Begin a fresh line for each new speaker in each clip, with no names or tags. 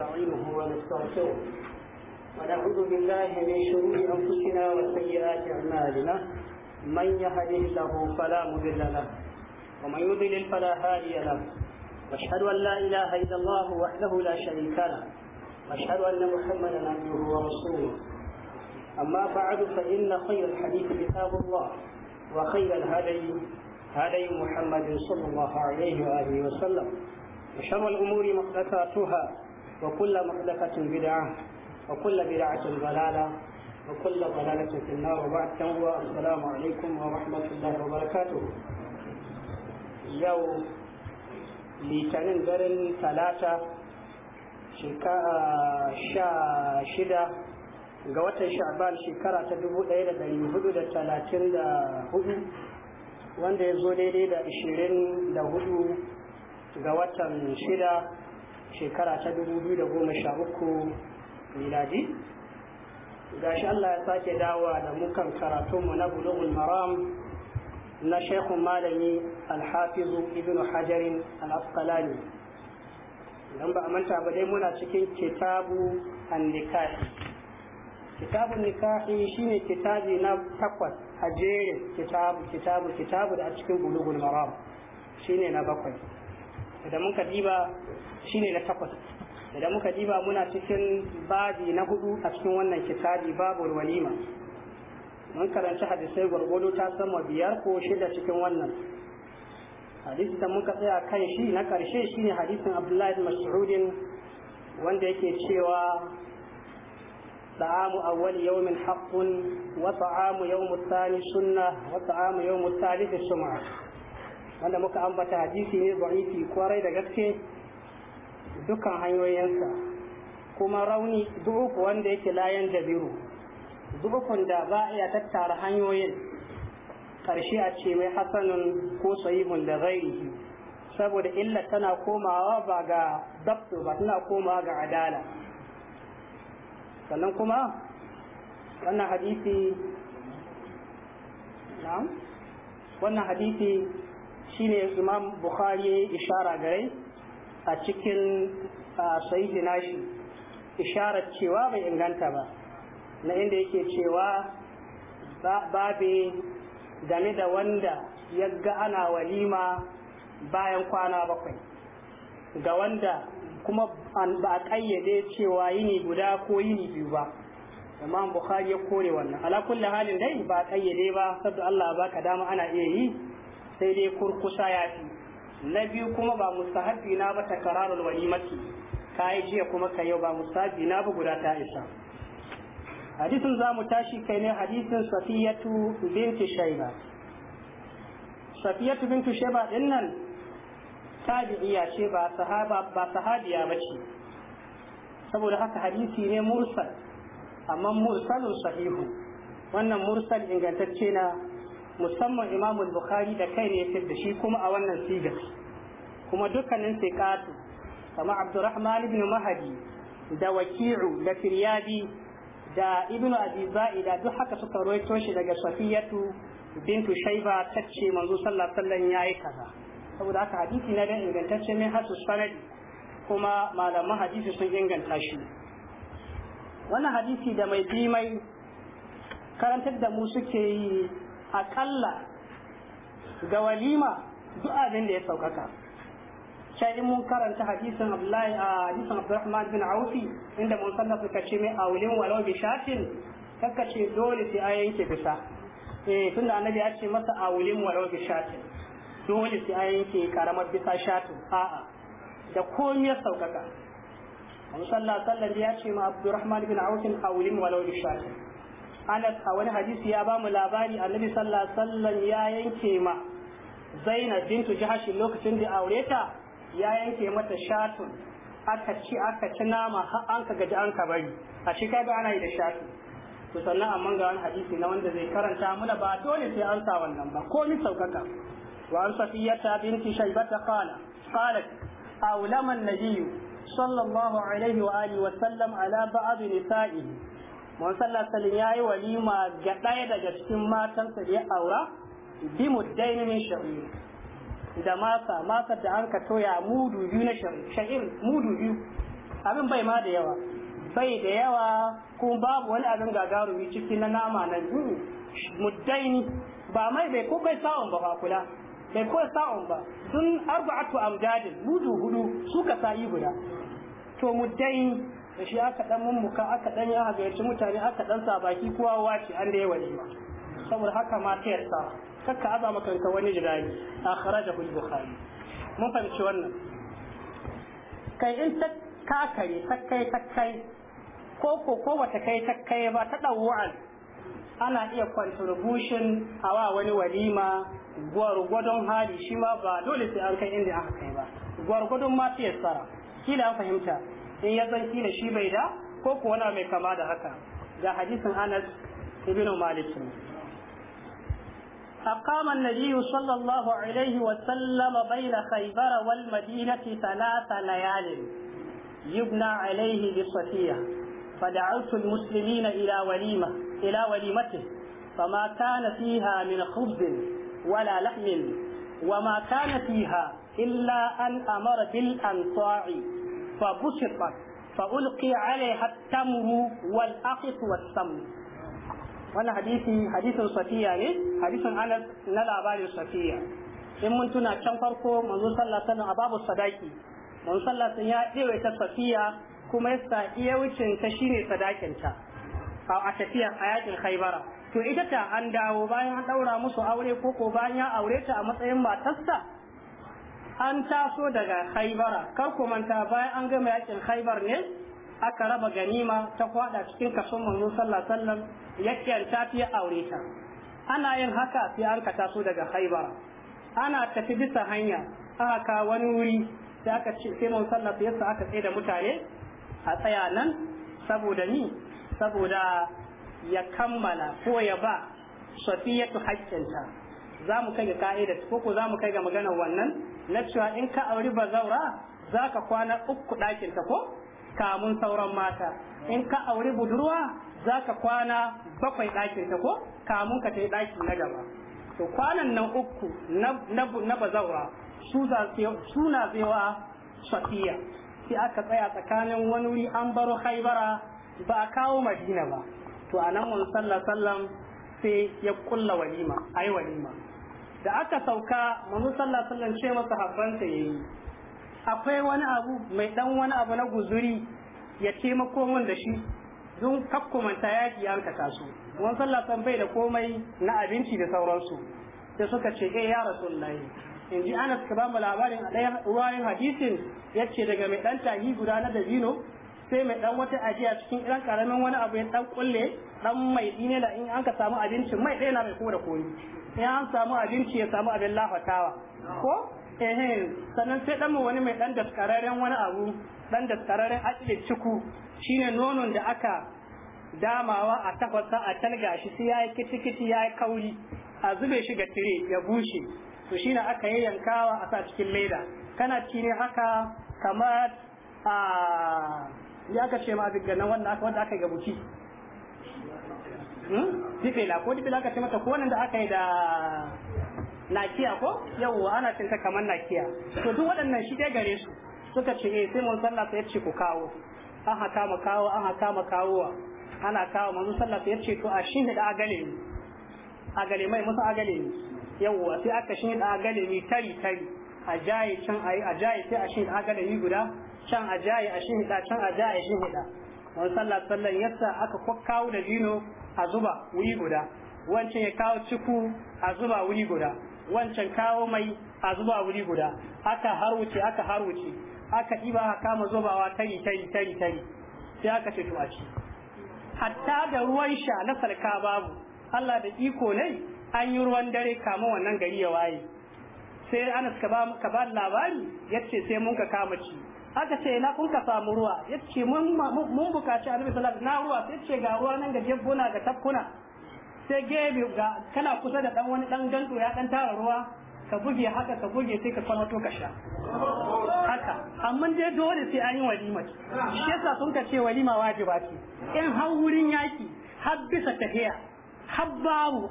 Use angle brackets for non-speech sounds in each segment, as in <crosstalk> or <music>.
نستعينه ونستغفره ونعوذ بالله من شرور انفسنا وسيئات اعمالنا من يهد الله فلا مضل له ومن يضلل فلا هادي له واشهد ان لا اله الا الله وحده لا شريك له واشهد ان محمدا عبده ورسوله اما بعد فان خير الحديث كتاب الله وخير الهدي هدي محمد صلى الله عليه واله وسلم وشر الامور محدثاتها وكل محدثة بدعة وكل بدعة ضلالة وكل ضلالة في النار وبعد السلام عليكم ورحمة الله وبركاته يوم litinin garin talata sha shida ga watan sha'ban shekara ta dubu ɗaya da ɗari hudu da talatin da hudu wanda ya zo daidai da ashirin da hudu ga watan shida shekara ta da goma 2013 miladi gashi Allah ya sake dawa da mukan karatunmu na bulughul maram na shekun malami alhafizu ibn hajarin al-asqalani idan ba a manta ba dai muna cikin kitabu an-nikahi kitabun nikahi shine kitabi na takwas a kitabu kitabu kitabu da a cikin bulughul maram shine na bakwai idan muka diba shine na takwas idan muka diba muna cikin babi na hudu a cikin wannan kitabi babul walima mun karanci hadisai gwargwado ta sama biyar ko shida cikin wannan hadisi da muka tsaya kan shi na karshe shine hadisin abdullahi bin mas'udin wanda yake cewa طعام أول يوم حق وطعام يوم الثاني سنة وطعام يوم الثالث سمعة wanda muka ambata hadisi ne da'ifi kwarai da gaske dukkan hanyoyinsa kuma rauni duku wanda yake layan dabiru dukun da za a iya tattara hanyoyin ƙarshe a ce mai hasanun ko sahihun da ghairihi saboda illa tana komawa ba ga dabto ba tana komawa ga adala sannan kuma wannan hadisi na'am wannan hadisi shine Imam Bukhari ya yi ishara gare a cikin sayyidina shi isharar cewa bai inganta ba na inda yake cewa babe game da wanda ya ga ana walima bayan kwana bakwai ga wanda kuma ba a ƙayyade cewa yini guda ko yini biyu ba imam bukhari ya kore wannan ala halin dai ba a ƙayyade ba saboda Allah ba ka dama ana iya yi sai dai kurkusa ya fi na biyu kuma ba mustahabi na ba takararul walimati kai jiya kuma kai yau ba mustahabi na ba guda ta isa hadisin za mu tashi kai ne hadisin safiyatu binti shaiba safiyatu binti shaiba din nan tabi'iya ce ba sahaba ba sahabiya bace saboda haka hadisi ne mursal amma mursalun sahihu wannan mursal ingantacce na musamman Imam Bukhari da kai ne ya da shi kuma a wannan siga kuma dukkanin sai katu kama Abdurrahman ibn Mahdi da Waki'u da Firyadi da ibnu Abi da duk haka suka rawaito shi daga Safiyatu bintu Shaiba tace manzo sallallahu alaihi wasallam yayi kaza saboda haka hadisi na da ingantacce mai hasu sanadi kuma malaman hadisi sun inganta shi wannan hadisi da mai bi mai karantar da mu suke yi akalla ga walima duk abin da ya saukaka shaidin mun karanta hadisin Abdullahi a hadisin Abdurrahman bin Aufi inda mun sanna suka ce mai aulin walau bi shatin kaka ce dole sai a yanke bisa eh tunda annabi ya ce masa aulin walau bi shatin dole sai a yanke karamar bisa shatin a'a da komai ya saukaka Musallah sallan ya ce ma Abdurrahman bin Aufi aulin walau bi shatin anas a wani hadisi ya bamu labari annabi sallallahu alaihi wasallam ya yanke ma zainab bintu jahashin lokacin da aure ta ya yanke mata shatun aka ci aka ci nama har an ka gaji an ka bari a shi kaga ana yi da shatu to sannan amma ga wani hadisi na wanda zai karanta mana ba dole sai an sa wannan ba ko ni saukaka wa an safiyata binti shaybata qala qalat awlama an-nabiy sallallahu alaihi wa alihi wa sallam ala ba'd nisa'ihi mun sallah ya yi walima ga ɗaya daga cikin matansa da ya aura bi muddaini min sha'ir da masa masa da an ka toya mudu biyu na sha'ir mudu biyu abin bai ma da yawa bai da yawa kuma babu wani abin gagarumi ciki na nama na biyu daini ba mai bai ko kai sa'on ba ba kula bai ko sa'on ba sun arba'atu amdadin mudu hudu suka sa'i guda to mu daini da shi aka dan mummuka aka dan ya hagayyaci mutane aka dan sa baki kowa wace an da ya walima saboda haka ma ta yarsa kakka aza maka kanka wani jirani akhrajahu al-bukhari mun fahimci wannan kai in ta kakare takkai takkai ko ko ko wata kai takkai ba ta dawwa'an ana iya contribution a wa wani walima gwargwadon hali shi ma ba dole sai an kai inda aka kai ba gwargwadon ma ta yassara kila an fahimta in ya san kila shi bai da ko ko wani mai kama da haka ga hadisin Anas ibn Malik أقام النبي صلى الله عليه وسلم بين خيبر والمدينة ثلاث ليال يبنى عليه بصفية فدعوت المسلمين إلى وليمة إلى وليمته فما كان فيها من خبز ولا لحم وما كان فيها إلا أن أمر بالأنصاع فبسطت فألقي عليها التمر والأقط والسمن wannan hadisi hadisin safiya ne hadisin anas na labarin safiya in mun tuna can farko manzo sallallahu alaihi babu sadaki manzo sallallahu ya ɗewe ta safiya kuma yasa iya wucin ta shine sadakin a tafiya a yakin khaybara to ita ta an dawo bayan an ɗaura musu aure ko ko bayan ya aure ta a matsayin matarsa an taso daga haibara kar ku manta bayan an gama yakin haibar ne aka raba ganima ta kwada cikin kason manzo sallallahu alaihi wasallam ta tafi aure ta ana yin haka sai an ka taso daga haibara ana tafi bisa hanya aka ka wani wuri sai aka ce sai manzo sallallahu alaihi wasallam aka tsaye da mutane a tsaya nan saboda ni saboda ya kammala ko ya ba safiyatu haƙƙinta za mu kai ga ka'ida ko ko za mu kai ga maganar wannan na cewa in ka auri bazaura za ka kwana uku ɗakin ta ko kamun sauran mata in ka auri budurwa za ka kwana bakwai ɗakin ta ko kamun ka ta yi ɗaki na gaba to kwanan nan uku na bazaura su na tsewa safiya sai aka tsaya tsakanin wani wuri an baro haibara ba a kawo madina ba to a nan wani sai ya kulla walima a walima da aka sauka manzo sallallahu alaihi wasallam ce masa ta yi. akwai wani abu mai dan wani abu na guzuri ya taimako mun da shi don kakkumanta yaki an ka taso wani sallah san bai da komai na abinci da sauransu sai suka ce eh ya rasulullahi in ji anas ka mu labarin a ɗayan ruwayin hadisin yace daga mai dan tahi guda na dabino sai mai dan wata ajiya cikin irin karamin wani abu ya dan kulle dan mai dine da in an ka samu abincin mai ɗaya na mai ko da koyi in an samu abinci ya samu abin lafatawa ko ehe sannan sai dan wani mai dan daskararren wani abu dan daskararren akile ciku shine nonon da aka damawa a tafasa a talga shi sai yayi kitikiti yayi kauri a zube shi ga tire ya bushe to shine aka yayyankawa a sa cikin leda kana ci ne haka kamar a ah, ya aka ce ma bigga nan wanda aka wanda aka gabuci fifela hmm? ko dibila aka ce mata ko da aka yi da nakiya ko yau ana cinta kamar nakiya to duk waɗannan shi dai gare su suka ce eh sai mun sallah sai ce ku kawo an haka mu kawo an haka mu kawo. ana kawo mun sallah sai ce to a shi ne da agale ni agale mai musu agale ni Yau sai aka shi da agale ni tari tari a jaye can ayi a jaye sai a shi da agale ni guda can a jaye a shi da can a jaye shi da mun sallah sallan yasa aka kawo da dino a zuba wuri guda wancan ya kawo ciku a zuba wuri guda wancan kawo mai a zuba wuri guda aka harwuce aka wuce, aka ɗiba aka kama zubawa tari tari tari tari sai aka ce a ci hatta da ruwan sha na sarka babu Allah da iko ne an yi ruwan dare kama wannan gari ya waye sai ana ka ba labari yace sai mun ka kama ci aka ce na kun ka samu ruwa ya ce mun bukaci annabi sallallahu alaihi na ruwa sai ce ga ruwa nan ga jebuna ga tafkuna sai gebe ga kana kusa da dan wani dan gando ya dan tara ruwa ka buge haka ka buge sai ka to ka sha haka amma dai dole sai an yi walima shi yasa sun ka ce walima wajiba ce in har wurin yaki har bisa tahiya har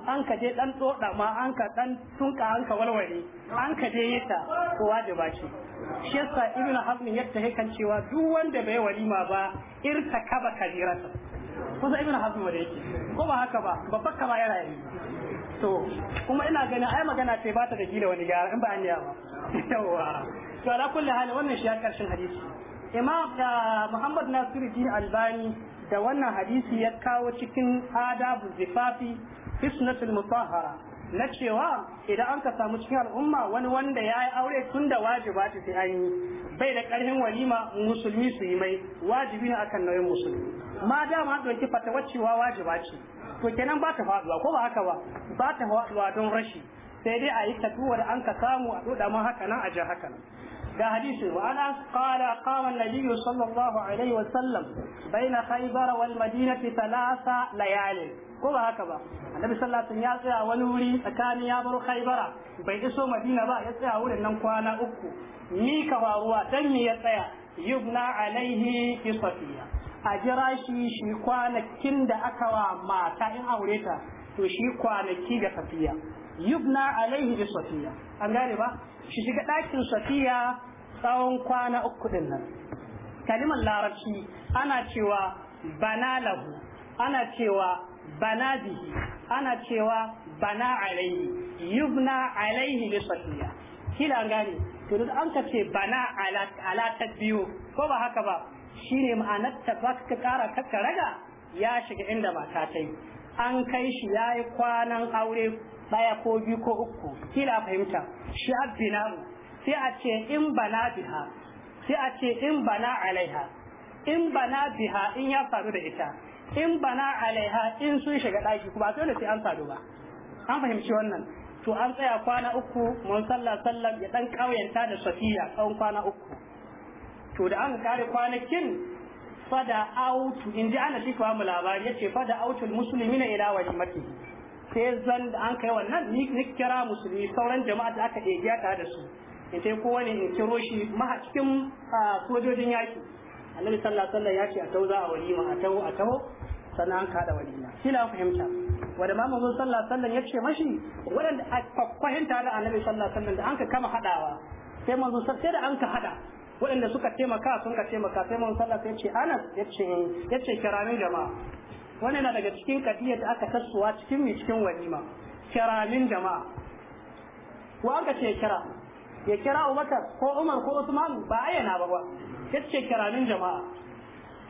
an ka je dan doda ma an ka dan tunka an ka walwale an ka je yita kowa da baki shi yasa ibn hazm ya tahe kan cewa duk wanda bai walima ba irtakaba kabirata sai ibn hazm da yake ko ba haka ba fakka ba yana yi to kuma ina ganin ai magana sai ba ta da gila wani gyara in ba an ba <laughs> yawa to ala kulli hali wannan shi ya karshen hadisi imam ah, muhammad nasiruddin albani da wannan hadisi ya kawo cikin adabu zifafi fisnatul mutahara na cewa idan an ka samu cikin al'umma wani wanda ya yi aure tun da wajiba ta sai an yi bai da ƙarfin walima musulmi su yi mai wajibi ne akan nauyin musulmi ma dama ɗauki fatawar cewa wajiba ce to kenan ba ta faɗuwa ko ba haka ba ba ta faɗuwa don rashi sai dai a yi tatuwar an ka samu a ɗoɗa mun haka nan a ji haka nan ga hadisi wa ana qala qama an-nabiy sallallahu alaihi wa sallam baina khaybar wal madinati thalatha layal ko ba haka ba annabi sallallahu alaihi ya tsaya wani wuri tsakanin ya bar khaybara bai iso madina ba ya tsaya wurin nan kwana uku ni ka faruwa dan me ya tsaya yubna alaihi fi safiya a jira shi shi kwanakin da aka wa mata in aure ta to shi kwanaki ga safiya yubna alaihi bi an gane ba shi shiga ɗakin safiya tsawon kwana uku din nan kalimar larabci ana cewa bana lahu ana cewa bana bihi ana cewa bana alaihi yubna alaihi bi safiya kila gane to duk an ka ce bana ala biyu ko ba haka ba shine ma'anar ta ba ka kara ka raga ya shiga inda ba ta yi an kai shi ya yi kwanan aure ɗaya ko biyu ko uku kila fahimta shi abbinaru sai a ce in bana biha sai a ce in bana alaiha in bana biha in ya faru da ita in bana alaiha in sun shiga ɗaki kuma dole sai an faru ba an fahimci wannan to an tsaya kwana uku mun sallah sallam ya dan ƙauyanta da safiya tsawon kwana uku to da an kare kwanakin fada autu in ji ana shi kawo labari ya ce fada autul musulmi na ila walimati sai zan da an kai wannan ni kira musulmi sauran jama'a da aka ɗegiya tare da su in sai kowane in kiro shi maha cikin sojojin yaki annabi sallallahu alaihi wasallam ya ce a tauza a walima a tau a tau sannan an kada walima shi na fahimta wanda ma mazun sallallahu alaihi wasallam ya ce mashi waɗanda a fahimta da annabi sallallahu alaihi wasallam da an ka kama hadawa sai manzon sai da an ka hada waɗanda suka taimaka sun ka taimaka sai mun sallah sai ce anas yace yace kiramin jama'a wannan na daga cikin kadiyar da aka tassuwa cikin mi cikin walima kiramin jama'a wa aka ce kira ya kira Abubakar ko Umar ko Usman ba ayyana ba ba yace kiramin jama'a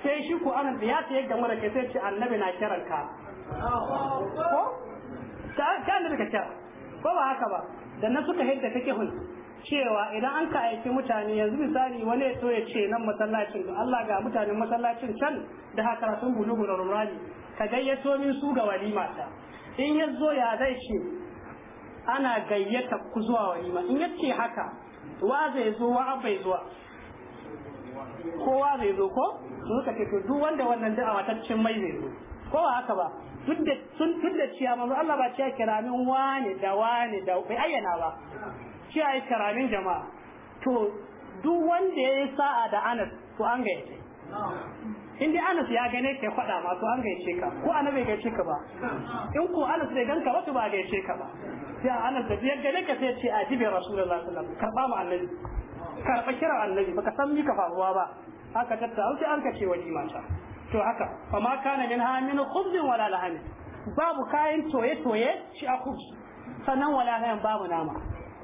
sai shi ku anan da ya ta yadda mura ke sai ce annabi na kiran ka ko ta annabi ka kira ko ba haka ba da na suka hidda take hul. cewa idan an ka aiki mutane yanzu misali wani ya so ya ce nan masallacin to Allah ga mutanen masallacin can da haka karatun bulugu da rumrani ka gayyato min su ga walima ta in ya zo ya zai ce ana gayyata ku zuwa walima in ya ce haka wa zai zo wa abai zuwa kowa zai zo ko suka ce to duk wanda wannan da mataccin mai zai zo ko ba haka ba duk da ciya manzo Allah ba ciya kira min wani da wani da bai ayyana ba shi a yi karamin jama'a to duk wanda ya yi sa'a da anas to an gayyace in dai anas ya gane ka faɗa ma to an gayyace ka ko ana bai gayyace ka ba in ko anas bai ganka ba to ba gayyace ka ba sai anas da biyar gane ka sai ce a jibe rasulullahi sallallahu alaihi wasallam karba mu annabi karba kira annabi baka san mika faruwa ba haka tatta sai an kace wani mata. to haka fa ma kana min hamin khubzin wala lahamin babu kayan toye toye shi a khubz sannan wala hayan babu nama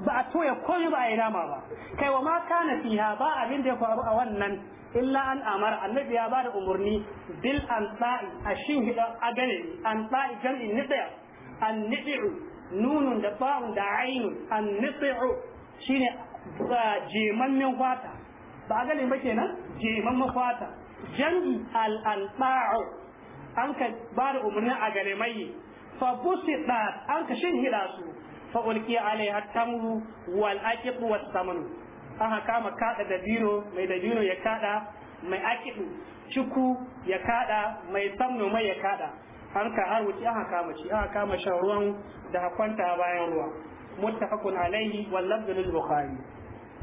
ba a toya komai ba a yi nama ba kai wa ma kana fiha ba abin da ya faru a wannan illa an amar annabi ya ba da umarni bil an tsa'i a shin hida a gane an tsa'i jam'in nitsaya an nitsi'u nunun da ba'un da ainun an nitsi'u shine jemammen fata ba a gane ba kenan jemammen fata jam'i al an tsa'u an ka ba da umarni a gane mai fa busi an ka shin hida su fa ulqiya alaiha tamru wal aqiq was samanu aka kama kada da biro mai da biro ya kada mai aqiq ciku ya kada mai samno mai ya kada an ka har wuce aka kama ci aka kama shan ruwan da kwanta bayan ruwa muttafaqun alaihi wal lafzul bukhari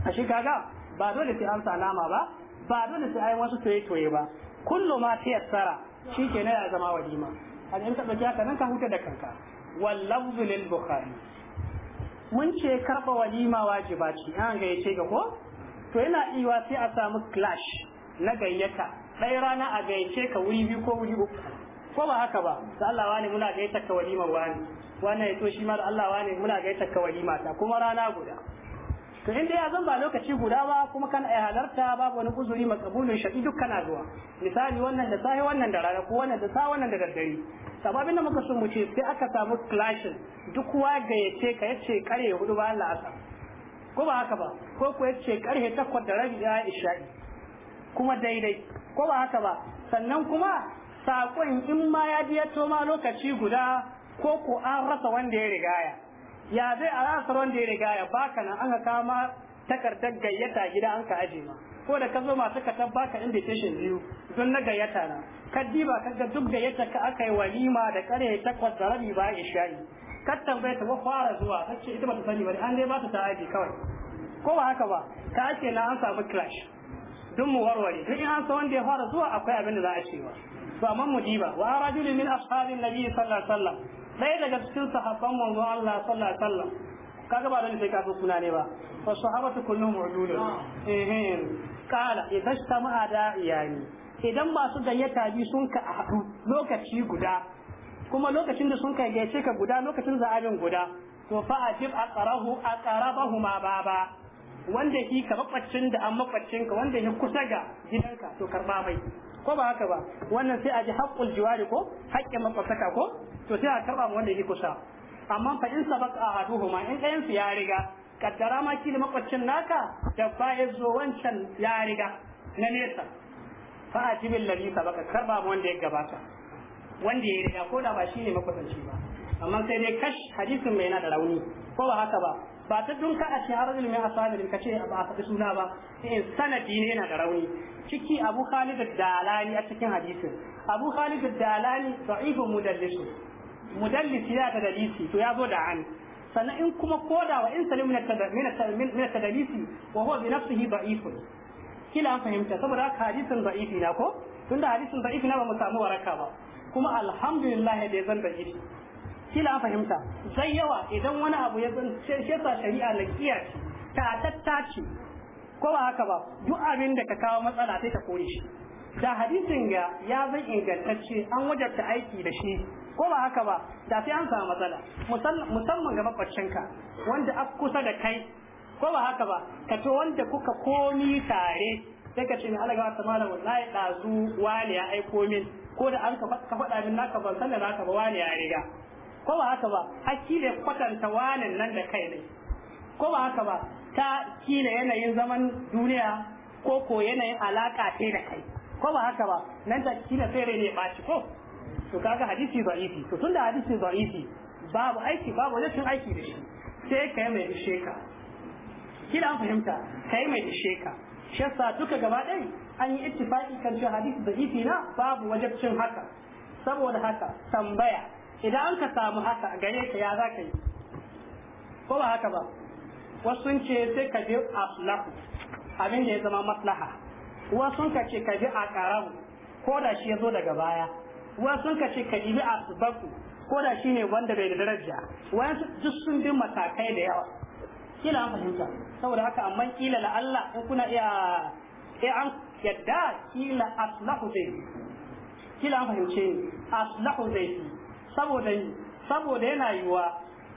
a shi kaga ba dole sai an salama ba ba dole sai ai wasu toye toye ba kullu ma tayassara shikenan ya zama walima an in ka dauki haka nan ka huta da kanka wal lafzul bukhari mun ce karɓa walima wajiba ce an gayyace ga ko to yana iwa sai a samu clash na gayyata ɗaya rana a gayyace ka wuri biyu ko wuri uku ko ba haka ba da Allah wani muna gayyata ka walima wani wannan ya so shi ma da Allah wani muna gayyata ka walima ta kuma rana guda to in dai zan ba lokaci guda ba kuma kana ai halarta babu wani uzuri makabulin shafi duk kana zuwa misali wannan da safe, wannan da rana ko wannan da sa wannan da daddare amma abinda muka so mu ce sai aka samu clashes duk kowa gayyace ka yace karhe hudu bayan la'asar ko ba haka ba ko ko yace karhe takwas da rabi da isha'i kuma daidai ko ba haka ba sannan kuma sakon in ma ya ji ya toma lokaci guda ko ko an rasa wanda ya rigaya ya zai a rasa wanda ya rigaya baka nan an ka kama takardar gayyata gida an ka aje ma ko da ka zo masu ka tabbaka invitation biyu don na gayyata na kaddiba kaga duk gayyata ka aka yi walima da kare takwas da rabi ba isha'i ka tambaye ta fara zuwa ta ce ita ba ta sani bane an dai ba ta ta'aji kawai ko ba haka ba ka ce na an samu clash dun mu warware duk in an san wanda ya fara zuwa akwai abin da za a cewa to amma mu diba wa rajulun min ashabin nabi sallallahu alaihi wasallam ɗaya daga cikin sahabban manzon Allah sallallahu alaihi wasallam kaga ba dole sai ka so suna ne ba fa sahabatu kulluhum udulun eh kala idan sama'a iyani idan masu gayyata biyu sun ka haɗu lokaci guda kuma lokacin da sun kai gaice ka guda lokacin za'abin guda to fa ajib aqrahu aqrabahu ma baba wanda ki ka makwacin da an makwacin ka wanda ya kusa ga gidanka to karba mai ko ba haka ba wannan sai a ji haqqul jiwari ko haƙƙin makwasaka ko to sai a karba wanda ya kusa amma fa in sabaka ahaduhuma in ɗayan su ya riga kaddara maki kila makwacin naka da fa'iz zo wancan ya riga na nesa fa a tibin lalisa baka karba mu wanda ya gabata wanda ya riga ko da ba ne makwatanci ba amma sai dai kash hadisin mai yana da rauni ko ba haka ba ba ta dunka a shahar a asabir ka ce ba a faɗi suna ba in sanadi ne yana da rauni ciki abu khalid dalani a cikin hadisin abu khalid dalani da'ifun mudallisu mudallisi ya ta dalisi to ya zo da an sannan in kuma koda wa in salim min tadalisi wa huwa bi nafsihi da'ifun kila an fahimta saboda haka hadisin da'ifi na ko da hadisin da'ifi na ba mu samu waraka ba kuma alhamdulillah da zan da'ifi kila an fahimta zai yawa idan wani abu ya zan shesa shari'a na kiyar ta tattace ko ba haka ba duk abin da ka kawo matsala sai ta kore shi da hadisin ga ya zai ingantacce an wajarta aiki da shi ko ba haka ba da sai an samu matsala musamman ga ka wanda a kusa da kai ko ba haka ba ka to wanda kuka komi tare sai ka ce ni alaga ta malam wallahi dazu wani ya aiko min ko da an ka faɗa min naka ban san da naka ba wani ya riga ko ba haka ba hakki ne kwatanta wani nan da kai ne ko ba haka ba ta kila yanayin zaman duniya ko ko yanayin alaka ce da kai ko ba haka ba nan da kila sai ne ba ɓaci ko to kaga hadisi da'ifi to tunda hadisi da'ifi babu aiki babu cin aiki da shi sai kai mai isheka. kila an fahimta kai mai isheka. shi yasa duka gaba dai an yi ittifaqi kan cewa hadisi da'ifi na babu wajabcin haka saboda haka tambaya idan an ka samu haka gare ka ya za ka yi ko ba haka ba wasu sun ce sai ka je aslahu abin da ya zama maslaha wasu ka ce ka bi a karamu ko da shi ya zo daga baya wasu ka ce ka bi a subaku ko da shi ne wanda bai da daraja wasu duk sun bi matakai da yawa kila an fahimta saboda haka amma kila la Allah in kuna iya eh an yadda kila aslahu zai kila an fahimce ni aslahu zai saboda saboda yana yiwa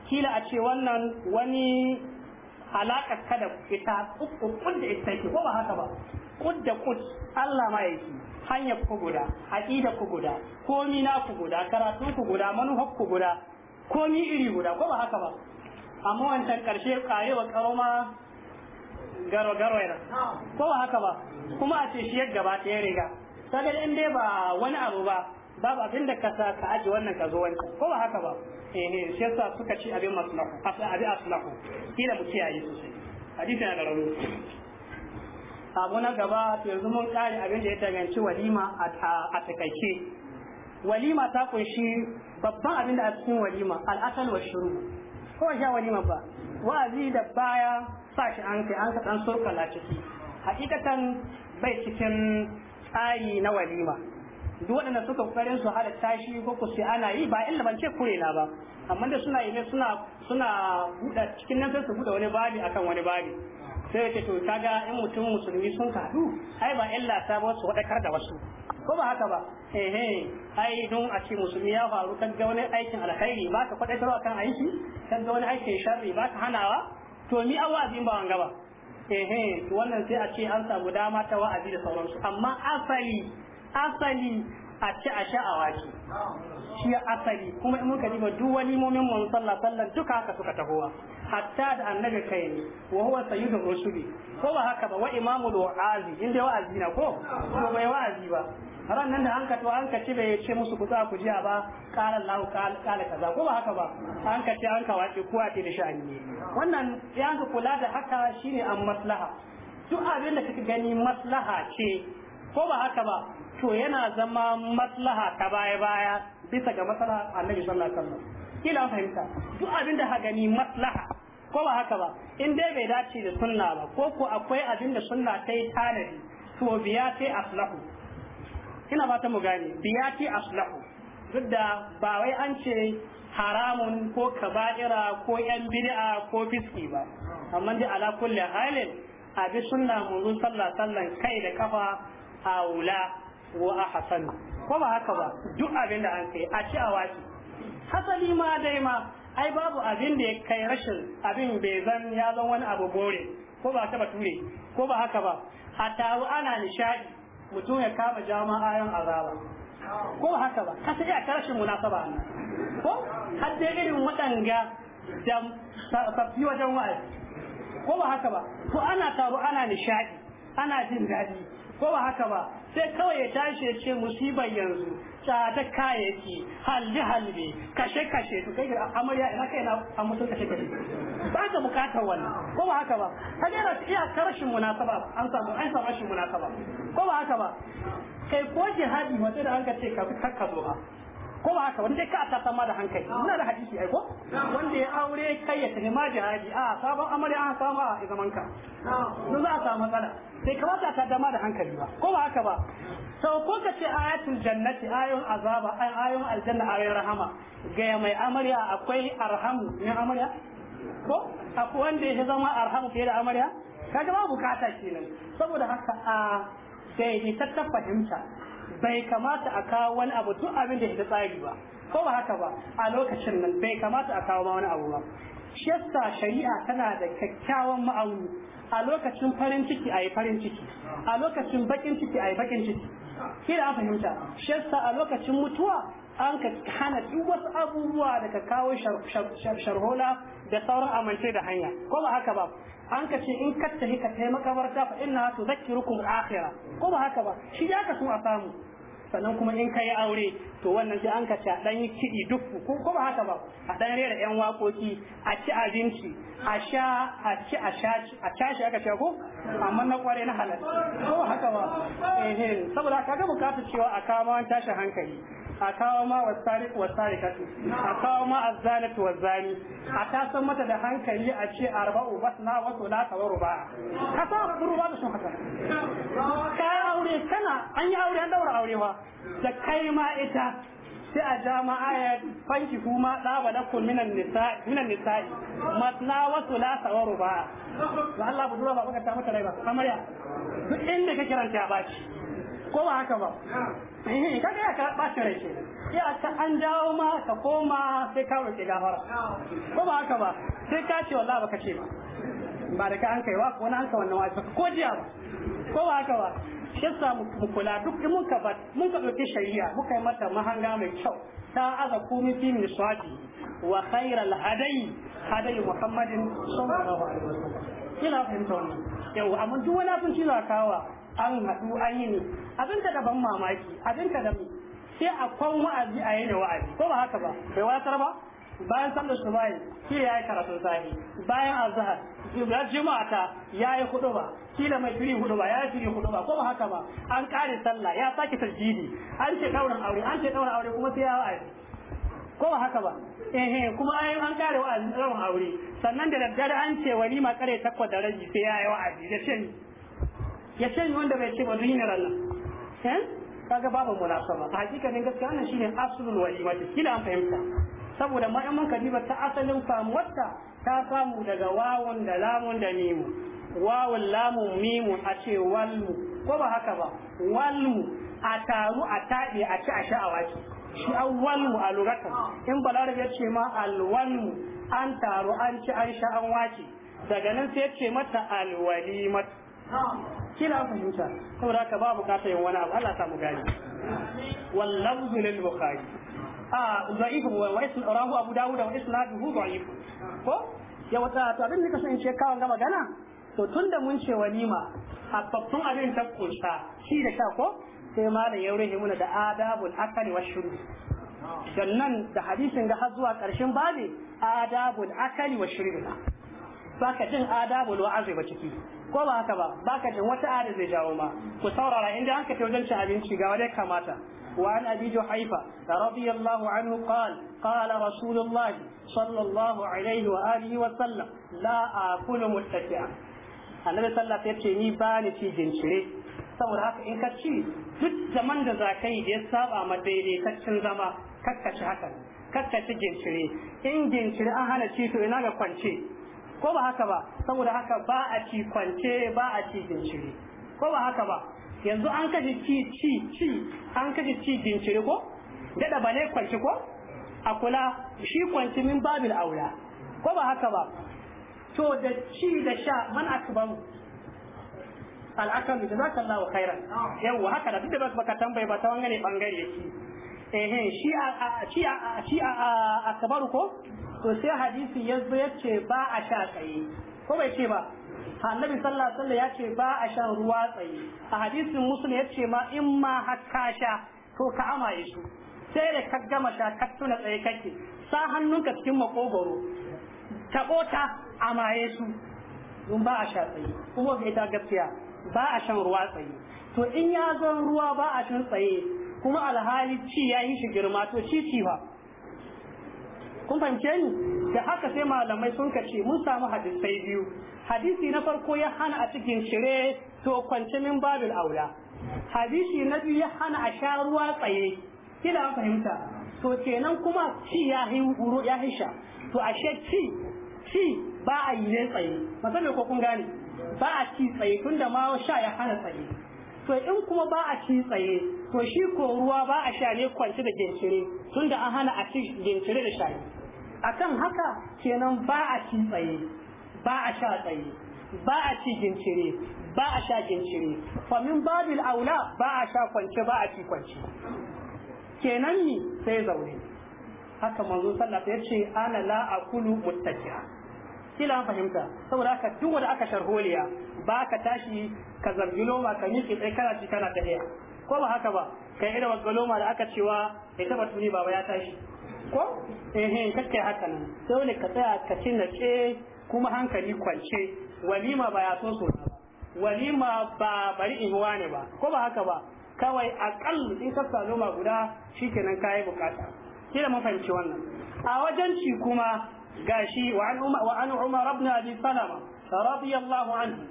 kila a ce wannan wani alaƙa kada ita kukkun da ita ko ba haka ba kud da kud Allah ma yake hanya ku guda aqida ku guda komi na ku guda karatu ku guda manufar ku guda komi iri guda ko ba haka ba amma wancan karshe kaye wa karoma garo garo yana ko ba haka ba kuma a ce shi yadda ba ya riga saboda in dai ba wani abu ba babu abin da ka sa ka aji wannan ka zo wancan ko ba haka ba eh eh shi yasa suka ci abin asa abi aslahu kila mu kiyaye sosai hadisi na da rauni abu na gaba to yanzu mun kare abin da ya danganci walima a takaice walima ta kunshi babban abin da a cikin walima al'asal wa shuru ko sha walima ba wa'azi da baya sa shi an kai an kaɗan dan surkala ciki hakikatan bai cikin tsari na walima duk waɗanda suka kokarin su hada tashi ko ku sai ana yi ba illa ban ce kure na ba amma da suna yi suna suna buɗa cikin nan sai su buɗe wani babi akan wani babi sai ta ce to ga in mutum musulmi sun kadu ai ba illa ta ba su wadakar da wasu ko ba haka ba eh eh ai don a ce musulmi ya faru kan ga wani aikin alkhairi ba ka kwadatarwa kan aiki kan ga wani aikin sharri ba ka hanawa to ni an wa'azin ba wanga ba eh wannan sai a ce an samu dama ta wa'azi da sauransu amma asali asali a ci a sha awaki shi asali kuma in muka diba duk wani mumin mun sallah sallan duka haka suka tahowa hatta da annabi kai ne wa huwa sayyidur rusuli ko ba haka ba wa imamul wa'azi in inda wa'azi na ko ko bai wa'azi ba ran nan da an ka to an ka ci bai ce musu kusa ku jiya ba qala Allah qala kaza ko ba haka ba an ka ce an ka wace kuwa ce da sha'ani ne wannan ya ka kula da haka shine an maslaha duk abin da kika gani maslaha ce ko ba haka ba to yana zama maslaha ta baya baya bisa ga maslaha Annabi sallallahu alaihi wasallam kila fahimta duk abin da gani maslaha ko ba haka ba in dai bai dace da sunna ba ko ko akwai abin da sunna ta yi tanadi to biya ce aslahu ina ba ta mu gane biya ce aslahu duk da ba wai an ce haramun ko kaba'ira ko yan bid'a ko fiski ba amma dai ala kulli halin abi sunna mun sallah sallan kai da kafa aula wa ahsan ko ba haka ba duk abin da an kai a ci a waki hasali ma dai ma ai babu abin da ya kai rashin abin bai zan ya zan wani abu gore ko ba ta bature ko ba haka ba a taru ana nishadi mutum ya kama yan azaba ko haka ba sai iya rashin munasaba ne ko har dai irin waɗanga da safi wajen wa'azi ko ba haka ba to ana taro ana nishadi ana jin daɗi ko ba haka ba sai kawai ya tashi ya ce musibar yanzu tsada kayayyaki halli halli kashe kashe to kai amarya ina kai na a mutum kashe kashe ba ka bukatar wannan ko ba haka ba ka ga iya karshen munasaba an samu an samu rashin munasaba ko ba haka ba kai ko jihadi wata da an ka ce ka kakka zo ba ko ba haka wanda ka ta sama da hankali muna da hadisi ai ko wanda ya aure kai ya tafi ma a sabon amarya an samu a zaman ka don za a samu matsala sai kamata ta dama da hankali ba ko ba haka ba sau ko ka ce ayatul jannati ayon azaba ayon aljanna ayon rahama ga mai amarya akwai arhamu ne amarya ko akwai wanda ya zama arhamu fiye da amarya kaga ba bukata kenan saboda haka a sai ita ta fahimta bai kamata a kawo wani abu duk abin da ya tsari ba ko ba haka ba a lokacin nan bai kamata a kawo ma wani abu ba shi yasa shari'a tana da kyakkyawan ma'auni a lokacin farin ciki a yi farin ciki a lokacin bakin ciki a yi bakin ciki kira an fahimta shi yasa a lokacin mutuwa an ka hana duk wasu abubuwa da ka kawo sharhola da sauran amince da hanya ko ba haka ba an ka ce in ka tafi ka taimaka makabarta fa inna tudhakkirukum akhira, ko ba haka ba shi ya ka a samu sannan kuma in kai aure to wannan sai an ka ta dan yi kiɗi duk ko ko ba haka ba a dan rera yan wakoki a ci abinci a sha a ci a sha a tashi aka ce ko amma na kware na halal ko haka ba eh saboda kaga bukatu cewa a ma an tashi hankali a kawo ma wasariq wasariqatu a kawo ma azzalatu wazzani a san mata da hankali a ce arba'u basna wa thulatha wa ba. ka san ruba da sun haka ka aure kana an yi aure an daura aure da kai ma ita sai a jama'a ya fanki kuma ɗaba da kun minan nisa'i matna wasu lasa wa ruba ba Allah budura ba baka ta mata rai ba amarya duk inda ka kiranta ya baci ko ba haka ba eh, ka ga ka baci rai ce ya ka an dawo ma ka koma sai ka roƙi gafara ko ba haka ba sai ka ce wallahi baka ce ba ba da ka an kai wa? ko na an ka wannan wa'azi ko jiya ba ko ba haka ba shi yasa mu kula duk mun ka ba mun ka dauki shari'a muka yi mata mahanga mai kyau ta aza kumi fi miswati wa khairal hadai hadai muhammadin sallallahu alaihi wasallam kina fahimta wannan yau amma duk wani abin shi za kawa an haɗu an yi ne abin ka da ban mamaki abin ka da sai a kwan wa'azi a yi da wa'azi ko ba haka ba bai wayar ba bayan sallar subahi kila yayi karatun sahi bayan azhar ya juma'a ta yayi huduba kila mai firi huduba ya firi huduba ko haka ba an kare sallah ya sake tarjidi an ce daurin aure an ce daurin aure kuma sai ya wa'azi ko ba haka ba eh kuma ai an kare wa'azi daurin aure sannan da daddare an ce walima kare takwas da raji sai yayi wa'azi ya ce ya ce wanda bai ce ba duniyar Allah eh kaga babu munasaba hakikanin gaskiya wannan shine aslul walimati kila an fahimta saboda ma'amman kadiba ta asalin samuwarta ta samu daga wawon da lamun da mimu wawon lamun mimu a ce walmu ko ba haka ba walmu a taru a taɗe a ci a sha'awa ce shi an walmu a lurata in balarabe ya ce ma alwalmu an taru an ci an sha an daga nan sai ya ce mata alwalimat kila fahimta saboda haka babu kasa yin wani abu Allah samu gani wallahu lil bukhari ضعيف واسم رواه ابو داود واسناده ضعيف ko ya wata to abin da kasan in ce kawon ga magana to tunda mun ce walima habbabtun abin ta kunsa shi da sha ko sai ma da yaure himuna da adabul akali wa shuru sannan da hadisin ga har zuwa karshen babi adabul akali wa shuru baka jin adabul wa'azi ba ciki ko ba haka ba baka jin wata ada zai jawo ma ku saurara inda an ka wajen cin abinci ga wadai kamata وعن أبي جحيفة رضي الله عنه قال قال رسول الله صلى الله عليه وآله وسلم لا آكل متكئا annabi sallah ya ce ni ba ni ci jinkire saboda haka in ka ci duk zaman da za ka yi da ya saba ma daidai daidaitaccen zama kakkaci hakan kakkaci jinkire in jinkire an hana ci to ina ga kwance ko ba haka ba saboda haka ba a ci kwance ba a ci jinkire ko ba haka ba yanzu an kashe ci ci ci an kashe ci jinkiri ko dada bale kwanci ko a kula shi kwanci min babil aula ko ba haka ba to da ci da sha man akbaru Al'akan da zaka Allah wa khairan yawa haka da duk da baka tambaye ba ta wangane bangare yake eh shi a shi a shi a akbaru ko to sai hadisi yazo yace ba a sha tsaye ko bai ce ba annabi sallallahu alaihi wasallam ya ce ba a shan ruwa tsaye a hadisin muslim ya ce ma in ma hakka sha to ka amaye su sai da ka gama sha ka tuna tsaye kake sa hannunka cikin makogoro tabo ta amaye su don ba a sha tsaye kuma bai ta gaskiya ba a shan ruwa tsaye to in ya zan ruwa ba a shan tsaye kuma alhali ci ya yi shi girma to shi ci ba kun fahimce ni da haka sai malamai sun kace mun samu hadisai biyu hadisi na farko ya hana a cikin shire to kwance min babil aula hadisi na biyu ya hana a sha ruwa tsaye kila an fahimta to kenan kuma ci ya hi wuro ya hisha to ashe ci ci ba a yi ne tsaye musamman ko kun gane ba a ci tsaye tunda ma sha ya hana tsaye to in kuma ba a ci tsaye to shi ko ruwa ba a sha ne kwance da gincire tunda an hana a ci gincire da shayi akan haka kenan ba a ci tsaye ba a sha tsaye ba a ci gincire ba a sha gincire famin babil aula ba a sha kwance ba a ci kwance kenan ni sai zaune haka manzo sallallahu alaihi wasallam yace ana la akulu muttaki'a kila fahimta saboda haka duk wanda aka sharholiya ba ka tashi ka zargi loma ka miki sai kana ci kana tafiya ko ba haka ba kai irin wasu loma da aka cewa ya taba tuni baba ya tashi ko eh eh kake haka nan dole ka tsaya ka ci ce kuma hankali kwance walima ba ya so so walima ba bari in wani ba ko ba haka ba kawai akal in ka samu ma guda shikenan kai bukata kila mun fahimci wannan a wajen ci kuma gashi wa an umar wa an umar ibn abi salama radiyallahu anhu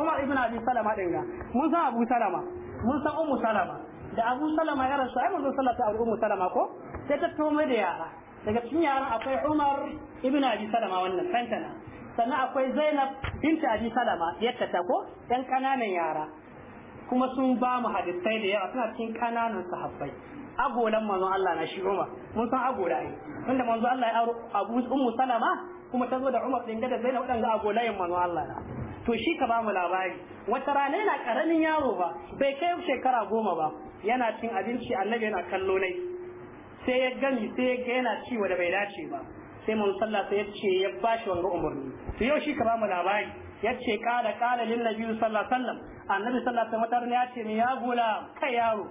umar ibn abi salama din ga mun san abu salama mun san ummu salama da abu salama ya rasu ai mun san sallata abu ummu salama ko sai ta tome da yara daga cikin yaran akwai Umar ibn Abi Salama wannan fantana sannan akwai Zainab binta Abi Salama yadda ta ko ɗan ƙananan yara kuma sun ba mu hadisai da yawa suna cikin ƙananan sahabbai agolan manzon Allah na shi Umar mun san agola ai tunda manzon Allah ya aure Abu Ummu Salama kuma ta zo da Umar din da Zainab waɗanda agolayen manzon Allah na to shi ka ba mu labari wata rana yana karamin yaro ba bai kai shekara goma ba yana cin abinci annabi yana kallo nai sai ya gani sai ya yana ciwo da bai dace ba sai mun sallah sai ya ce ya bashi wanga umarni to yau shi ka ba mu labari ya ce kala kala lin nabi sallallahu alaihi wasallam annabi sallallahu alaihi wasallam ya ce ya gula kai yaro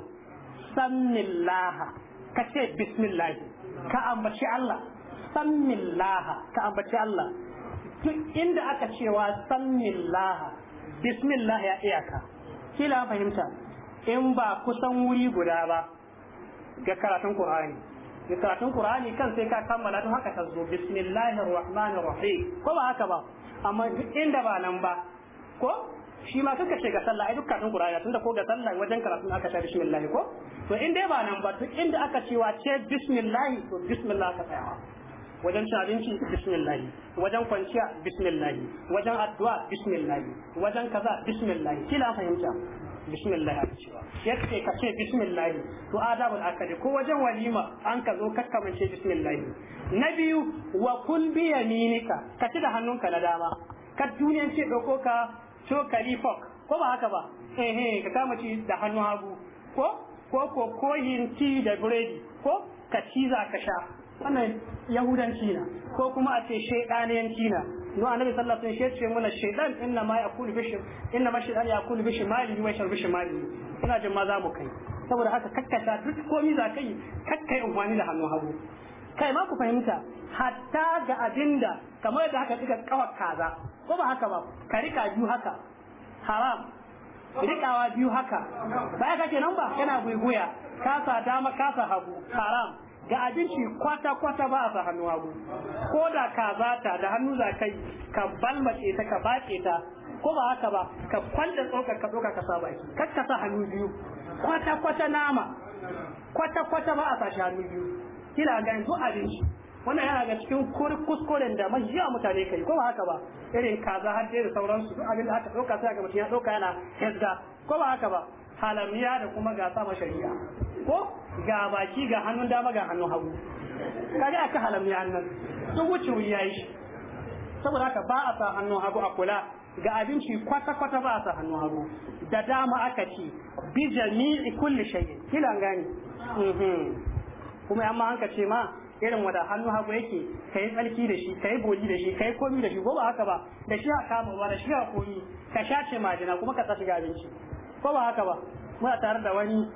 sammillah ka ce bismillah ka ambaci Allah sammillah ka ambaci Allah to inda aka cewa sammillah bismillah ya iyaka kila fahimta in ba kusan wuri guda ba ga karatun Qur'ani ga karatun Qur'ani kan sai ka kammala to haka ka zo bismillahir rahmanir rahim ko ba haka ba amma duk inda ba nan ba ko shi ma kaka ce ga sallah ai duk karatun Qur'ani tunda ko ga sallah wajen karatun aka ta bismillah ko to in dai ba nan ba duk inda aka cewa ce bismillah to bismillah ka tsaya wajen cin abinci bismillah wajen kwanciya bismillah wajen addu'a bismillah wajen kaza bismillah kila fahimta bismillah aka cewa yace ka ce bismillah to adabul akali ko wajen walima an ka zo kakka ce bismillah na biyu wa kul bi yaminika ka ci da hannunka na dama ka duniyan ce dauko ka cokali fok ko ba haka ba eh eh ka kama ci da hannu hagu ko ko ko koyin ti da biredi ko ka ci za ka sha wannan yahudanci na ko kuma a ce shaidaniyanci na don annabi sallallahu alaihi wasallam yace muna shaytan inna ma yakulu bishir inna ma shaytan yakulu bishir mali wa shar bishir mali ina jin ma za mu kai saboda haka kakkata duk komai za kai kakkai amfani da hannu hagu kai ma ku fahimta hatta ga abinda kamar da haka kika kawar kaza ko ba haka ba ka rika biyu haka haram rikawa biyu haka ba ya kake nan ba kana guiguya kasa dama kasa hagu haram ga abinci kwata kwata ba a sa hannu hagu ko da ka zata da hannu za kai ka balmace ta ka bace ta ko ba haka ba ka kwanda tsokar ka tsoka ka sa baki kar ka sa hannu biyu kwata kwata nama kwata kwata ba a sa shi hannu biyu kina ga yanzu abinci wannan yana ga cikin kuskuren da majiya mutane kai ko ba haka ba irin kaza har da sauransu duk abin da aka ɗauka sai ga mutum ya ɗauka yana hezga ko ba haka ba halamiya da kuma ga sama shari'a ko ga baki ga hannun dama ga hannun hagu kaga aka halamiya nan duk wuce yayi shi saboda haka ba a sa hannun hagu a kula ga abinci kwata-kwata ba a sa hannun hagu da dama aka ci bi jami'i kulli shay'i kila gani mhm. kuma amma an ka ce ma irin wada hannu hagu yake ka yi tsarki da shi ka yi boji da shi ka yi komi da shi ko ba haka ba da shi a kama ba da shi a komi ka sha ce majina kuma ka tashi ga abinci ko ba haka ba muna tare da wani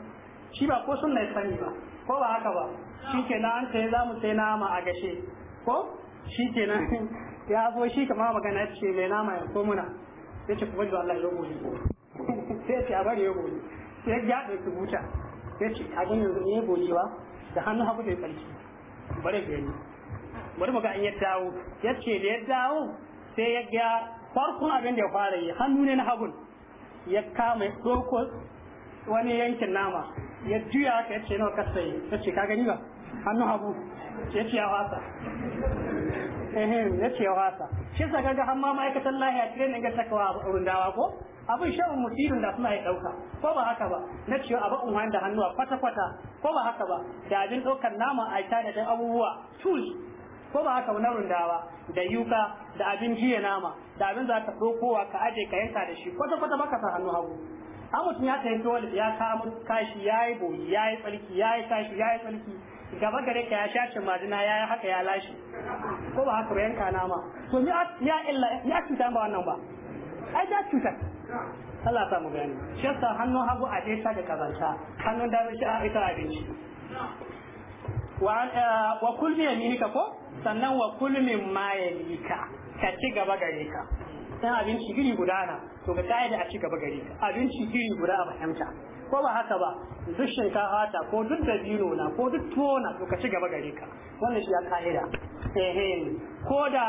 shi ba ko sunna ya sani ba ko ba haka ba shi na an sai za mu sai nama a gashe ko shi na <laughs> ya zo shi kama magana ce mai nama ya ko muna ya ce kuma Allah ya gobe <laughs> sai ya ce a bari ya gobe sai ya ɗauki buta ya ce a gani yanzu ne ba, da hannu hagu da ya tsarki ga yanzu bari mu ga an ya dawo ya ce da ya dawo sai ya ga farkon abin da ya fara yi hannu ne na hagun ya kama ya doko wani yankin nama ya juya ka ya ce nawa ka sayi ta ce ka gani ba hannu hagu ya ce ya wasa ya ce ya wasa shi sa kaga har ma ma'aikatan lahiya tire ne ga sakawa a rundawa ko abin sha'un musirin da suna ya ɗauka ko ba haka ba na cewa a ba'un da hannuwa kwata-kwata ko ba haka ba da abin ɗaukar nama a ita da abubuwa tools ko ba haka na rundawa da yuka da abin jiya nama da abin za ka ɗaukowa ka aje ka yanka da shi kwata kwata baka san hannu hagu an mutum ya sayi wani ya kama kashi ya yi boyi ya yi tsarki ya yi kashi ya yi tsarki gaba gare ka ya cin majina ya yi haka ya lashe ko ba haka ba yanka nama to ni ya illa ni a cuta ba wannan ba ai da cutar Allah ta mu gani shi yasa hannun hagu a dai ta da kazanta hannun da shi a ita abinci wa eh, kul min yaminika ko sannan wa kul ma ya yamika ka ci gaba gare ka dan abinci giri guda na to ka tayar da a ci gaba gare ka abinci giri guda a fahimta ko ba haka ba duk shinkafa ta ko duk dabino na ko duk tuwo na to ka ci gaba gare ka wannan shi ya ka'ida eh ko da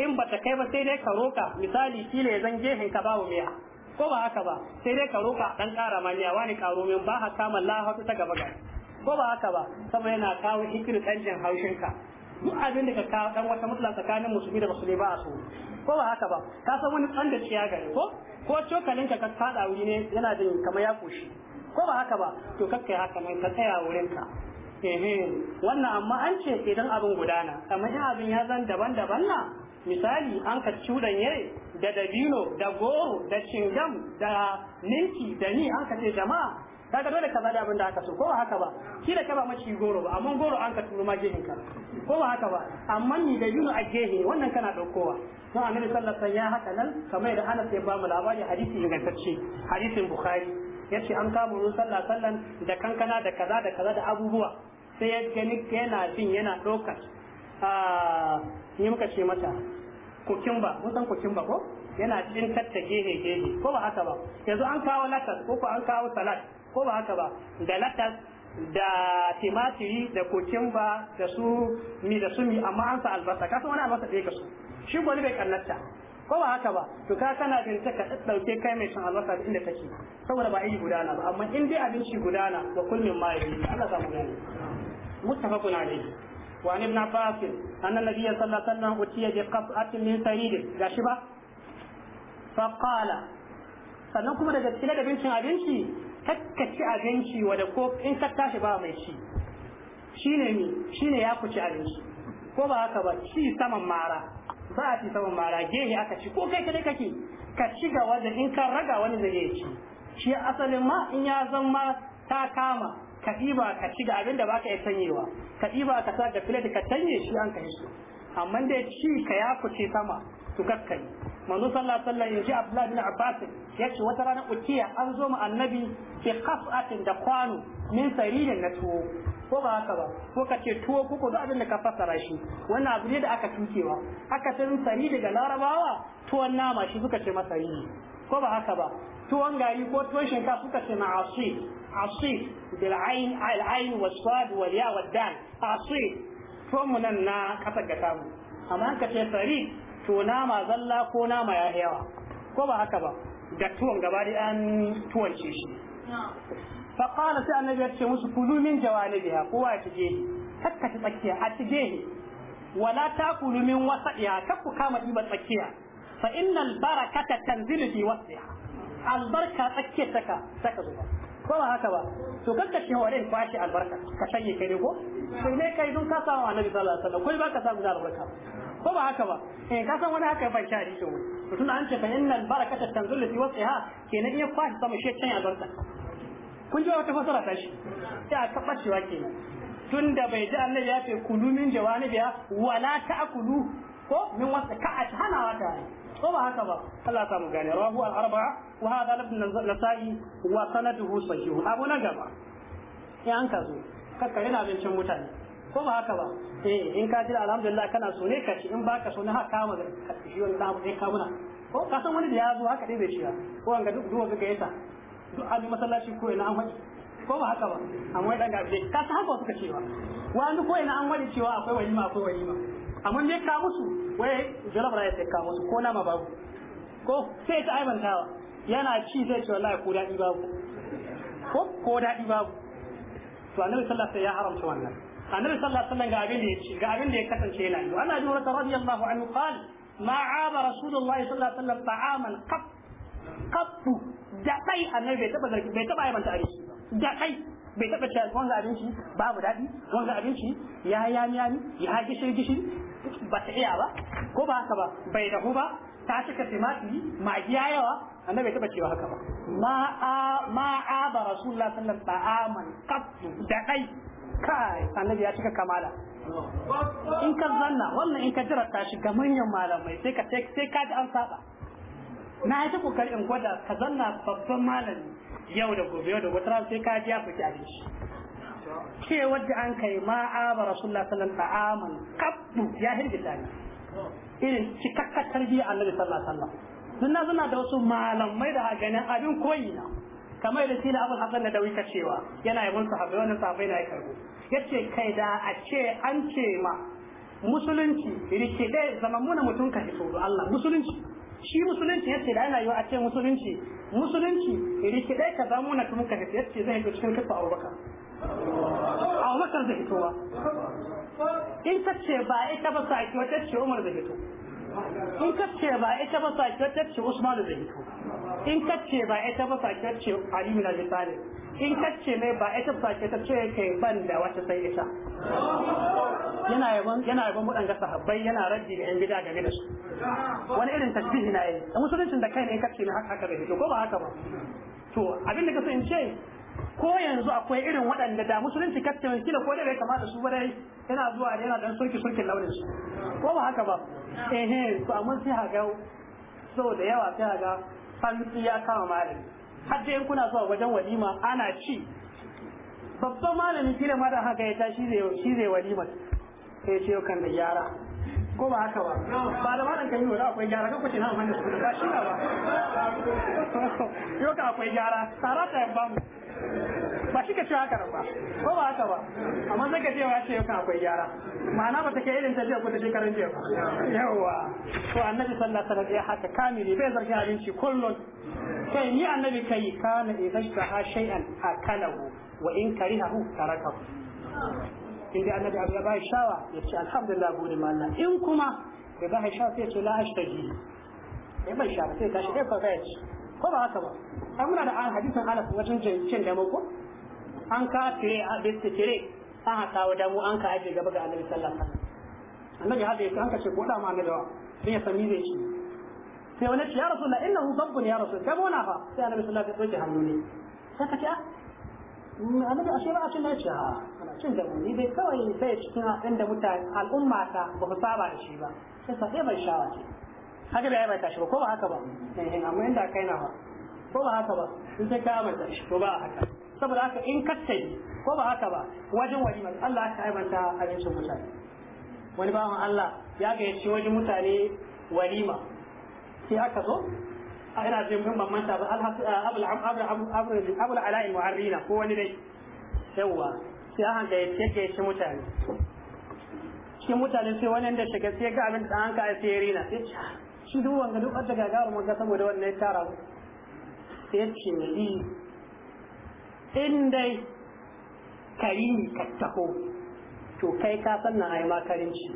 in ba ta kai ba sai dai ka roka misali kila ya zan gehen ka bawo miya ko ba haka ba sai dai ka roka dan kara ma miya wani karo min ba haka mallahu ta gaba gare ko ba haka ba saboda yana kawo hikir canjin haushinka duk abin da ka kawo dan wata mutla tsakanin musulmi da musulmi ba a so ko ba haka ba ka san wani tsan da ciya gare ko ko cokalin ka fada wuri ne yana da kamar ya koshi ko ba haka ba to kai haka nan ka tsaya wurin ka ehe wannan amma an ce idan abin gudana amma ya abin ya zan daban-daban na misali an ka yare da dabino da goro da cingam da ninki da ni an ka ce jama'a kaga dole ka bada abin da aka so ko ba haka ba shi da ka ba maci goro ba amma goro an ka turo ma gehen ka ko ba haka ba amma ni da yunu a gehe wannan kana daukowa don annabi sallallahu alaihi ya haka nan kamar da Anas ya ba mu labari hadisi ingantacce hadisin Bukhari yace an kama sallallahu sallah sallan da kankana da kaza da kaza da abubuwa sai ya gani yana jin yana doka a ah, ni muka ce mata kukimba mun san kokimba ko yana cin tattage gehe gehe ko ba haka ba yanzu an kawo latas ko ko an kawo salat ko ba haka ba da latas da timatiri da kokimba da su mi da su mi amma an sa albasa Ka san wani albasa da yake su shi gwani bai kannata ko ba haka ba to ka kana bin ta ka dauke kai mai cin albasa da inda take saboda ba ayi gudana ba amma in dai abinci gudana wa kullum ma yi Allah za mu gani muttafaqun alayhi وعن ابن عباس أن النبي صلى الله عليه وسلم أتي بقطعة من ba. قاشبة فقال sannan kuma daga cikin da bincin abinci takka ci abinci wadda ko in ka tashi ba mai ci shi ni, mi ne ya ku ci abinci ko ba haka ba ci saman mara ba a ci saman mara gehe aka ci ko kai kadai kake ka ci ga wadda in ka raga wani zai ci shi asalin ma in ya zan ma ta kama ka ɗiba ka ci ga abin da baka yi sanyewa ka ɗiba ka sa ga filet ka tanye shi an yi su amma dai ci ka ya ci sama su kakkari manzo sallallahu alaihi wasallam yaji abdullahi bin abbas yace wata rana ukiya an zo mu annabi ke qas'atin da kwano min saririn na tuwo ko ba haka ba ko ka ce tuwo ko ko abin da ka fassara shi wannan abu ne da aka tukewa aka san sari daga larabawa tuwon nama shi suka ce masa yi ko ba haka ba tuwon gari ko tuwon shinkafa suka ce ma'asif asif bil ayn al ayn was sad wal ya wad dal tuwon mu nan na kasa ga mu, amma an ka ce sari to nama zalla ko nama ya yawa ko ba haka ba da tuwon gaba da an tuwance shi fa qala sai annabi ya ce musu kulu min jawanibiha kowa ya cije takka ta tsakiya a cije wala takulu min wasadiha kakku kama diba tsakiya fa innal barakata tanzilu fi wasiha albarka tsakiyar taka saka zuba ko ba haka ba to kanka shi warin kwashi albarka ka shanye kai ne ko sai ne kai dun ka samu annabi sallallahu alaihi wasallam kai ba ka samu albarka ko ba haka ba eh ka san wani haka bai shari to to tun an ce fa innal barakata tanzulu fi wasiha kenan iya ya kwashi sama shi can ya zarta kun ji wata fasara ta shi sai tabbacewa kenan tunda bai ji annabi ya ce kulu min jawanibiya wala ta'kulu ko min wasa ka hana wata ko ba haka ba Allah ta mu gane rahu al-arba'a wa hada ibn nasai wa sanaduhu sahih abu na gaba ya an kazo kakka yana bincin mutane ko ba haka ba eh in ka ji alhamdulillah kana so ne ka ci in baka so ne haka kama da shi wani abu ne ka muna ko ka san wani da ya zo haka dai bai shiga, ko an ga duk duwa ga yasa duk an masallaci ko ina an faɗi ko ba haka ba amma wai dan gabe ka san haka suka cewa wani ko ina an wani cewa akwai walima akwai walima amma ne ka musu wai jalabra ya ce ka musu ko na ma babu ko sai ta aibantawa yana ci zai ce wallahi ko daɗi babu ko ko daɗi babu to annabi sallallahu alaihi wasallam ya haramta wannan annabi sallallahu alaihi wasallam ga abin da ya ga abin da ya kasance yana yi ana jura radiyallahu anhu qala ma aba rasulullahi sallallahu alaihi wasallam ta'aman qat qattu da dai annabi bai taba zargi bai abinci da dai bai taba cewa wanga abinci babu dadi wanga abinci ya yami yami ya gishiri gishiri ba ta iya ba ko ba haka ba bai dahu ba ta cika timati magiya yawa annabi taba cewa haka ba ma aba rasulullahi sallallahu alaihi wasallam kai annabi ya cika kamala in ka zanna wannan in ka jira ta shiga manyan malamai sai ka sai ka ji an saba na yi kokari in gwada ka zanna babban malami yau da gobe yau da gobe sai ka ji ya fita abinci ce wadda an kai ma aba rasulullahi sallallahu alaihi wasallam amana kabbu ya hirgita ni irin cikakkar tarbiyya annabi sallallahu alaihi wasallam sunna suna da wasu malamai da ganin abin koyi na kamar da shi da abul hasan na dawi ka cewa yana yabon sahabbai wannan sahabbai na ya karbo yace kai da a ce an ce ma musulunci rikide zaman muna mutum ka fito da Allah musulunci shi musulunci ya ce da yana yiwa a ce musulunci musulunci rikide ka zama muna mutum ka ya ce zai fito cikin kafa Abubakar Abubakar zai fito ba in ka ce ba ita taba sa ki wata ce Umar zai fito in ka ce ba ita taba sa ki wata ce Usman zai fito in kacce ba ita ba sake ce aliyu na misali in kacce mai ba ita ba sake ta ce kai ban da wata sai ita yana yaban yana yaban mudanga sahabbai yana raddi ga yan gida game da su wani irin tasbihi na yi da musuluncin da kai ne kacce ne haka haka bai fito ko ba haka ba to abin da kasu in ce ko yanzu akwai irin waɗanda da musulunci mai kila ko da bai kamata su dai? yana zuwa da yana dan soki sokin launin su ko ba haka ba eh eh to amma sai haga so da yawa sai haga hannu ya kama malami har dai kuna zuwa wajen walima ana ci babban malami shi ma mara haka ya tashi shi zai walima sai ce kan da gyara ko ba haka ba ba da malam kan yi wa akwai gyara kan kwace na amfani da su ba shi ba yau ka akwai gyara tsara ta yabba mu ba shi ka ce haka ba ko ba haka ba amma zaka ce wa ce kan akwai gyara ma'ana ba ta kai irin ta ce ko ta shekaran jiya ba yawa to annabi sallallahu alaihi wasallam ya haka kamili bai zargi abinci kullun kai ni annabi kai kana idan ta ha shay'an akalahu wa in karihahu tarakahu inda annabi abu ya bai shawa ya ce alhamdulillah gode ma Allah in kuma bai bai shawa sai ya ce la ashtaji bai bai shawa sai ka shi bai fa ko ba haka ba an muna da an hadisin alaf wajen cin da ko an ka tire a bisa tire an ha wa damu an ka aje gaba ga Annabi sallallahu alaihi wasallam Annabi hada yake an ka ce ko da ma Annabi wa sai ya sami zai shi sai wani ce ya rasulullah innahu dabbun ya rasul kai bona fa sai Annabi sallallahu alaihi wasallam ya tsoke hannu ne sai ka ce a ah, Annabi ashe ba a cin ya ce ha cin da damo ni bai kawai sai cikin inda mutane al'umma ta ba ku saba da shi ba sai sai eh, bai shawa ce haka da ya mai tashi ba ko ba haka ba eh, amma inda kai na ba ko ba haka ba in sai ka mai tashi ko ba haka saboda haka in kace ko ba haka ba wajen walimar Allah ka aibanta abincin mutane wani ba bawan Allah ya yace wajen mutane walima sai aka zo a ina jin mun ban manta ba abul eh, abul abul abul Alai mu'arrina ko wani dai yawa sai yace ke shi mutane cikin mutane sai wani da shiga sai ga abin da an ka sai rina sai shi duk wanga duk wata gagarumar ga saboda wannan ya tara sai ya ce ni in dai ka yi ka taho to kai ka san na ai shi,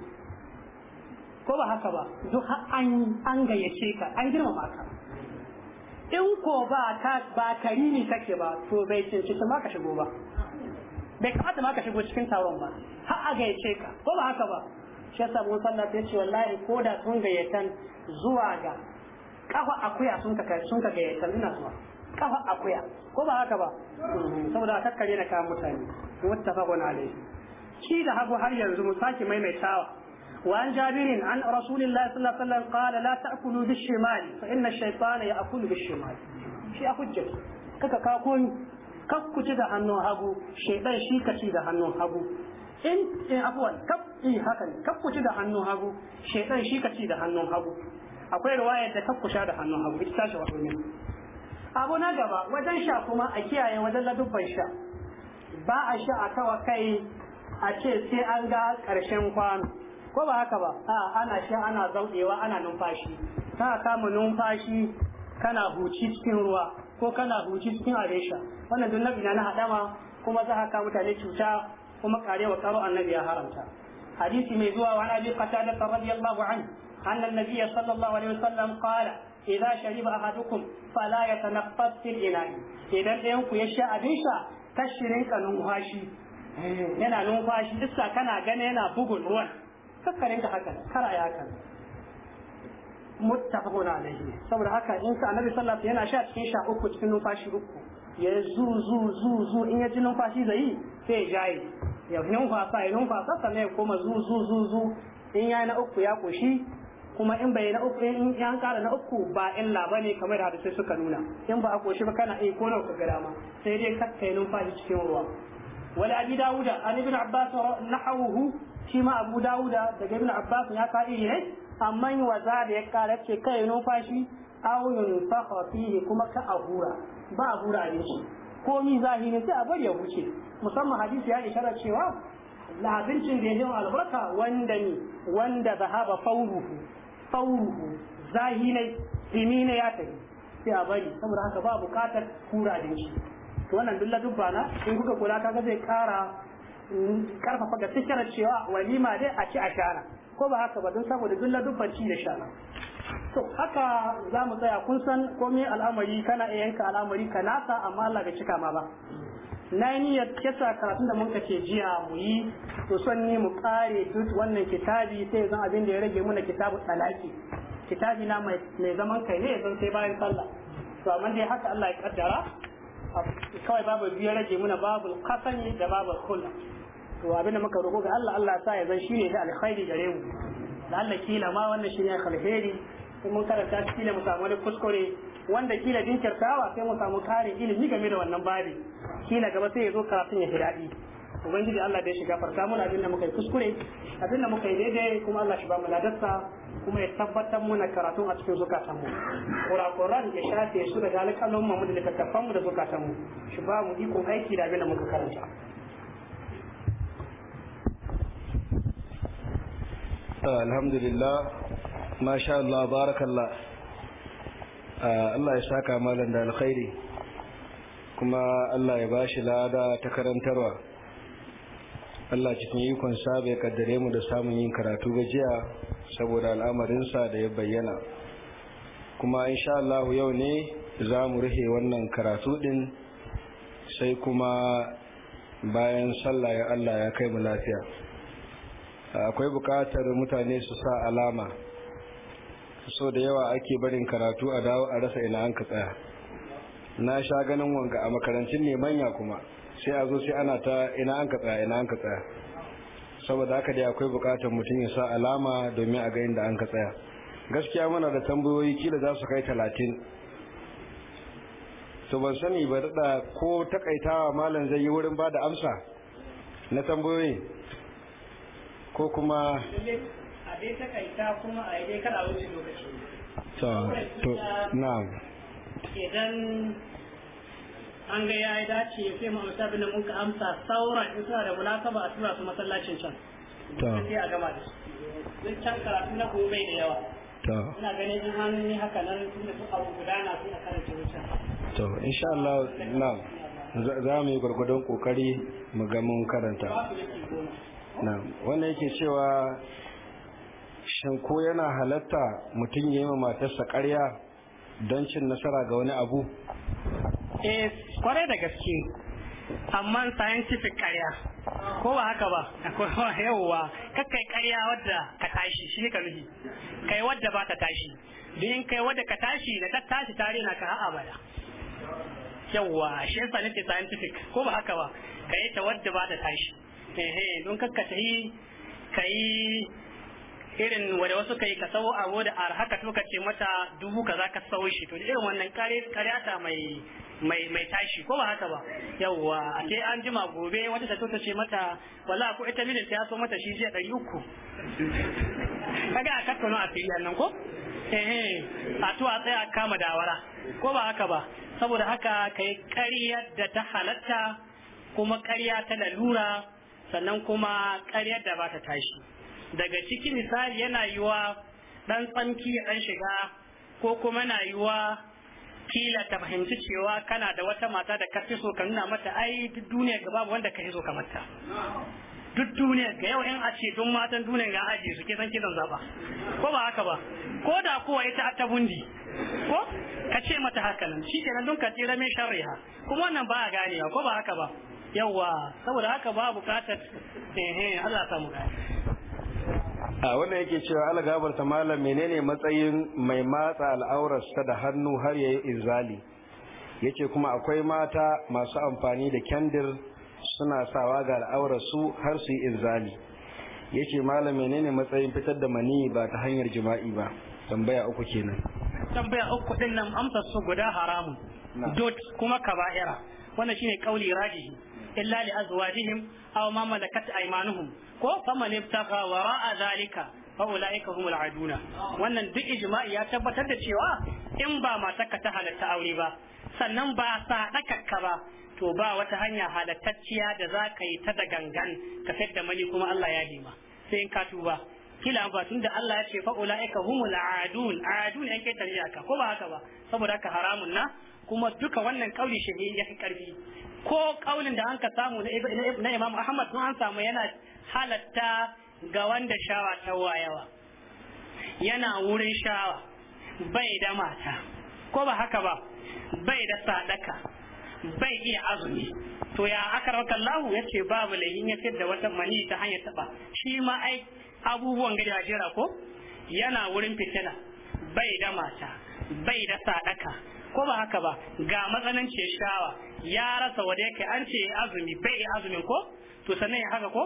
ko ba haka ba duk an an gayyace ka an girma ka in ko ba ka ba kari ni kake ba to bai cinci ma maka shigo ba bai kamata ma shigo cikin taron ba har a gayyace ka ko ba haka ba shi yasa mun sallah ta ce wallahi ko da sun gayyatan zuwa ga kafa akuya sun ka sun ka gayyatan ina zuwa kafa akuya ko ba haka ba saboda a kakkare na kayan mutane muttafaqun alayhi shi da hagu har yanzu mu sake maimaitawa وعن جابر عن رسول الله صلى الله عليه وسلم قال لا تأكلوا بالشمال فإن الشيطان يأكل بالشمال شيء حجة كك كاكون كك تدا هنو هابو شيطان شيك تدا هنو هابو in in afwan kaf eh, haka ne da hannun hagu shekan shi ka ci da hannun hagu akwai riwayar da kaf ku sha da hannun hagu ita tashi wato ne abu na gaba wajen sha kuma a kiyaye wajen ladubban sha ba a sha a kawa kai a ce sai an ga karshen kwano ko ba haka ba a ana sha ana zaudewa ana numfashi ta kama numfashi kana huci cikin ruwa ko kana huci cikin abin sha wannan duk na na hadama kuma za ka mutane cuta kuma kare wa karo annabi ya haramta hadisi mai zuwa wa abi qatada radiyallahu anhu anna annabiyya sallallahu alaihi wasallam qala idza shariba ahadukum fala yatanaffas fil ina'i idan ɗayan ku ya sha abin sha kashirin ka numfashi eh, yana numfashi iska kana gane yana bugun ruwan kakkarin ka haka kara ya haka muttafaqun alaihi saboda haka in sa annabi sallallahu alaihi wasallam yana sha cikin sha uku cikin numfashi uku ya zu zu zu zu in ya ji numfashi zai yi. sai yi ya numfasa ya numfasa sannan ya koma zu zu zu zu in ya na uku ya koshi kuma in bai na uku in ya kara na uku ba illa ne kamar da sai suka nuna in ba a koshi ba kana iya kona ka gara ma sai dai ka ya numfashi cikin ruwa Wani abi dawuda an ibn abbas hauhu shi ma abu Dawuda daga ibn abbas ya ka ne amma wa waza da ya kara ce kai numfashi aw yunfakha fihi kuma ka a hura ba a hura ne shi komi ne sai a bari ya wuce musamman hadisi ya ishara cewa abincin da ya albarka wanda ne wanda zahaba fauruhu fauruhu zahinai dimina ya tafi sai a bari saboda haka ba bukatar kura din shi to wannan duk ladubba na in kuka kula kaga zai kara karfafa mm, ga cewa walima dai a ci a shara ko ba haka ba don saboda duk ladubban ya da sha to haka za mu tsaya kun san komai al'amari kana iya yanka al'amari ka nasa amma Allah ga cika ma ba na yi niyyar kesa karatun da mun kace jiya mu yi to son ni mu kare duk wannan kitabi sai zan abin da ya rage muna kitabu talaki kitabi na mai zaman kai ne zan sai bayan sallah to amma dai haka Allah ya kaddara kawai babu biyu rage muna babu kasani da babu kullu to abin da muka roƙo ga Allah Allah sa ya zan shine da alkhairi gare mu da Allah kila ma wannan shine alkhairi kuma mun karanta shi kila mu samu wani kuskure wanda kila dinkirtawa sai mu samu kare ilimi game da wannan babi kila gaba sai ya zo karatun ya fi daɗi ubangiji Allah da ya shiga farka mun abin da muka yi kuskure abin da muka yi daidai kuma Allah shi ba mu ladarsa kuma ya tabbatar muna karatun a cikin zukatan mu kurakuran ya shafe su da dalikalon mu da littattafan mu da zukatan mu shi ba mu ikon aiki da abin da muka karanta
alhamdulillah masha Allah barakallah ah, Allah ya saka malam da alkhairi kuma Allah ya ba shi lada ta karantarwa Allah cikin ikon sa kaddare mu da samun yin karatu ba jiya saboda al'amarinsa da ya bayyana kuma insha Allah yau ne za mu rufe wannan karatu din sai kuma bayan sallah ya Allah ya kai mu lafiya akwai bukatar mutane su sa alama so da yawa ake barin karatu a dawo a rasa ina an ka tsaya na sha ganin wanga a makarancin ne manya kuma sai a zo sai ana ta ina an ka tsaya ina an ka tsaya saboda haka dai akwai bukatar mutum ya sa alama domin a ga inda an ka tsaya gaskiya muna da tambayoyi kila za su kai talatin to ban sani ba da ko takaitawa malam zai yi wurin bada amsa na tambayoyi. ko kuma
abin takaita kuma a yi kada wuce lokaci to na'am idan an ga ya dace sai mu amsa bin mun ka amsa saura in suna da munasaba a tura su masallacin can to sai a gama da su can karatu na gobe da yawa to ina ganin in hannun yi haka nan tun da su abu gudana suna karanta wucin
to insha Allah na za mu yi gwargwadon kokari mu ga mun karanta wanda yake cewa shin ko yana halatta mutum ya yi ma matarsa ƙarya don cin nasara ga wani abu
eh kwarai da gaske amma scientific ƙarya ko ba haka ba akwai <laughs> yawwa kakkai ƙarya wadda ka tashi shi ne ka nufi kai wadda ba ta tashi don kai wadda ka tashi da ta tashi tare na ka ha'a Yau yawwa shi yasa nake scientific ko ba haka ba kai ta wadda ba ta tashi he don kakka ta yi ka yi irin wanda wasu kai ka sau abu da ar haka to ka ce mata dubu za ka sau shi to irin wannan karyata mai mai mai tashi ko ba haka ba yawwa a ce an jima gobe wata ta ta ce mata wala ko ita mijin ta so mata shi jiya ɗari uku kaga a kakkano a fili nan ko eh a to a tsaya kama dawara ko ba haka ba saboda haka kai kariyar da ta halatta kuma kariya ta lalura sannan kuma ƙaryar da ba ta tashi daga ciki misali yana yiwa ɗan tsamki ya ɗan shiga ko kuma na yiwa kila ta fahimci cewa kana da wata mata da ka so ka nuna mata ai duk duniya ga babu wanda ka so ka mata duk duniya ga yau in a ce don matan duniya ga aje su ke san kidan zaba ko ba haka ba ko da kowa ita ta bundi ko ka ce mata haka nan shi nan don ka tsira mai sharriha kuma wannan ba a ganewa ko ba haka ba yawa saboda haka ba bukatar eh Allah ta mu
a wannan yake cewa ala ta malam menene matsayin mai matsa al'aurarsa da hannu har yayi izali yace kuma akwai mata masu amfani da kyandir suna sawa ga su har su yi inzali yace malam menene matsayin fitar da mani ba ta hanyar jima'i ba tambaya uku kenan
tambaya uku din nan amsar su guda haramun dot kuma kaba'ira wannan shine kauli rajihi illa li azwajihim aw ma malakat aymanuhum ko faman ibtaga wara'a zalika fa ulaika humul aduna wannan duk ijma'i ya tabbatar da cewa in ba matarka ta halatta aure ba sannan ba sa dakakka ba to ba wata hanya halattacciya da za ka yi ta da gangan ka sayar da mani kuma Allah ya nema. sai in ka tuba kila ba tun da Allah ya ce fa ulaika humul adun adun yake tarjiya ka ko ba haka ba saboda haka haramun na kuma duka wannan kauli shi ya fi karfi ko kaulin da an samu na Imam Ahmad sun an samu yana halatta ga wanda shawa ta wayawa yana wurin shawa bai da mata ko ba haka ba bai da sadaka bai iya azumi to ya aka Allahu ya ce babu laihin ya ce da wata mani ta hanyar taba shi ma ai abubuwan gari jira ko yana wurin fitina bai da mata bai da sadaka ko ba haka ba ga matsananci shawa ya rasa wanda yake an ce azumi bai azumin ko to sannan ya haka ko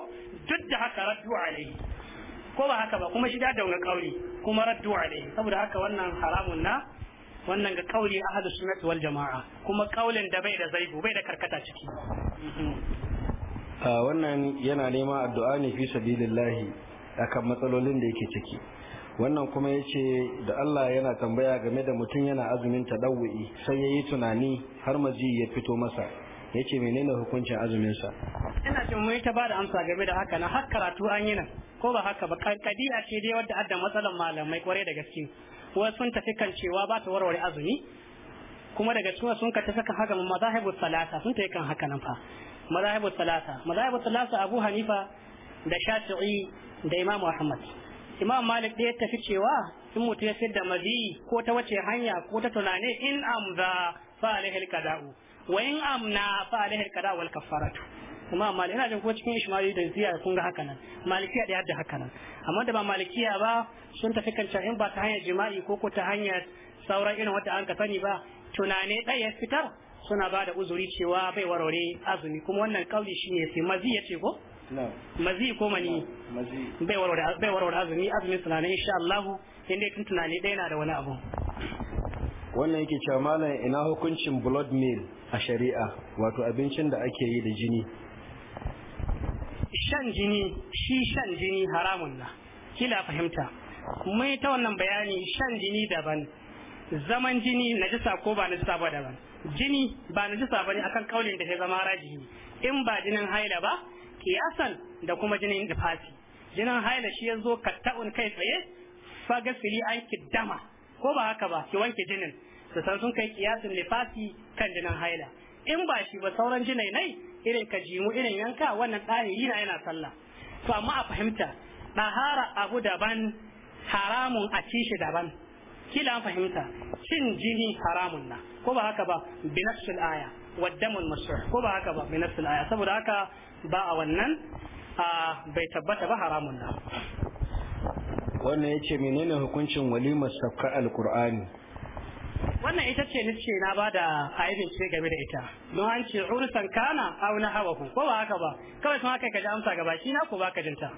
duk da haka raddu alai ko ba haka ba kuma shi da daga kauli kuma raddu alai saboda haka wannan haramun na wannan ga kauli ahadu sunnati wal jama'a kuma kaulin da bai da zaibu bai da karkata ciki
wannan yana nema addu'a ne fi sabilillah akan matsalolin da yake ciki wannan kuma ya ce da Allah yana tambaya game da mutum yana azumin tadawu'i sai ya yi tunani har maji ya fito masa ya ce menene hukuncin azuminsa
ina jin mun ta ba da amsa game da haka na har karatu an yi nan ko ba haka ba kadiya ce dai wadda adda matsalan malamai kware da gaske wasu sun tafi kan cewa ba ta warware azumi kuma daga cikin sun ka ta saka haka mazahibu salasa sun ta kan haka nan fa mazahibu salasa mazahibu salasa abu hanifa da shafi'i da imamu ahmad imam malik da ya tafi cewa in mutum ya sayar da mazi ko ta wace hanya ko ta tunane in amza fa alaihil alqada'u wa in amna fa alaihil alqada'u wal kafaratu imam malik ina jin ko cikin ishmaili da ziya kun ga haka nan malikiya da yadda haka nan amma da ba malikiya ba sun tafi kan in ba ta hanyar jima'i ko ko ta hanyar sauran irin wata an ka sani ba tunane ɗaya fitar suna ba da uzuri cewa bai warware azumi kuma wannan kauli shine sai mazi ya ce ko mazi ko mani bai warware azumi azumin in insha Allah inda tun tunani daya na da wani abu
wannan yake cewa malam ina hukuncin blood meal a shari'a wato abincin da ake yi da jini
shan jini shi shan jini haramun na kila fahimta muyi ta wannan bayani shan jini daban zaman jini najisa ko ba najisa ba daban jini ba najisa bane akan kaulin da ya zama rajihi in ba jinin haila ba kiyasan da kuma jinin difasi jinin haila shi ya zo katta'un kai tsaye fagasili an dama ko ba haka ba ki wanke jinin da san sun kai kiyasin nifasi kan jinin haila in ba shi ba sauran jinai nai irin ka jimu irin yanka wannan ɗahiri na yana sallah to amma a fahimta ɗahara abu daban haramun a ci daban kila an fahimta cin jini haramun na ko ba haka ba binafsul aya waddamul masur ko ba haka ba binafsul aya saboda haka ba a wannan bai tabbata ba haramun na
wannan ya ce menene hukuncin walimar safka alkur'ani
wannan ita ce nace na ba da aibin ce game da ita don an ce urusan kana aw na hawa ko ba haka ba kawai sun haka kaji amsa gaba shi na ko ba ka jinta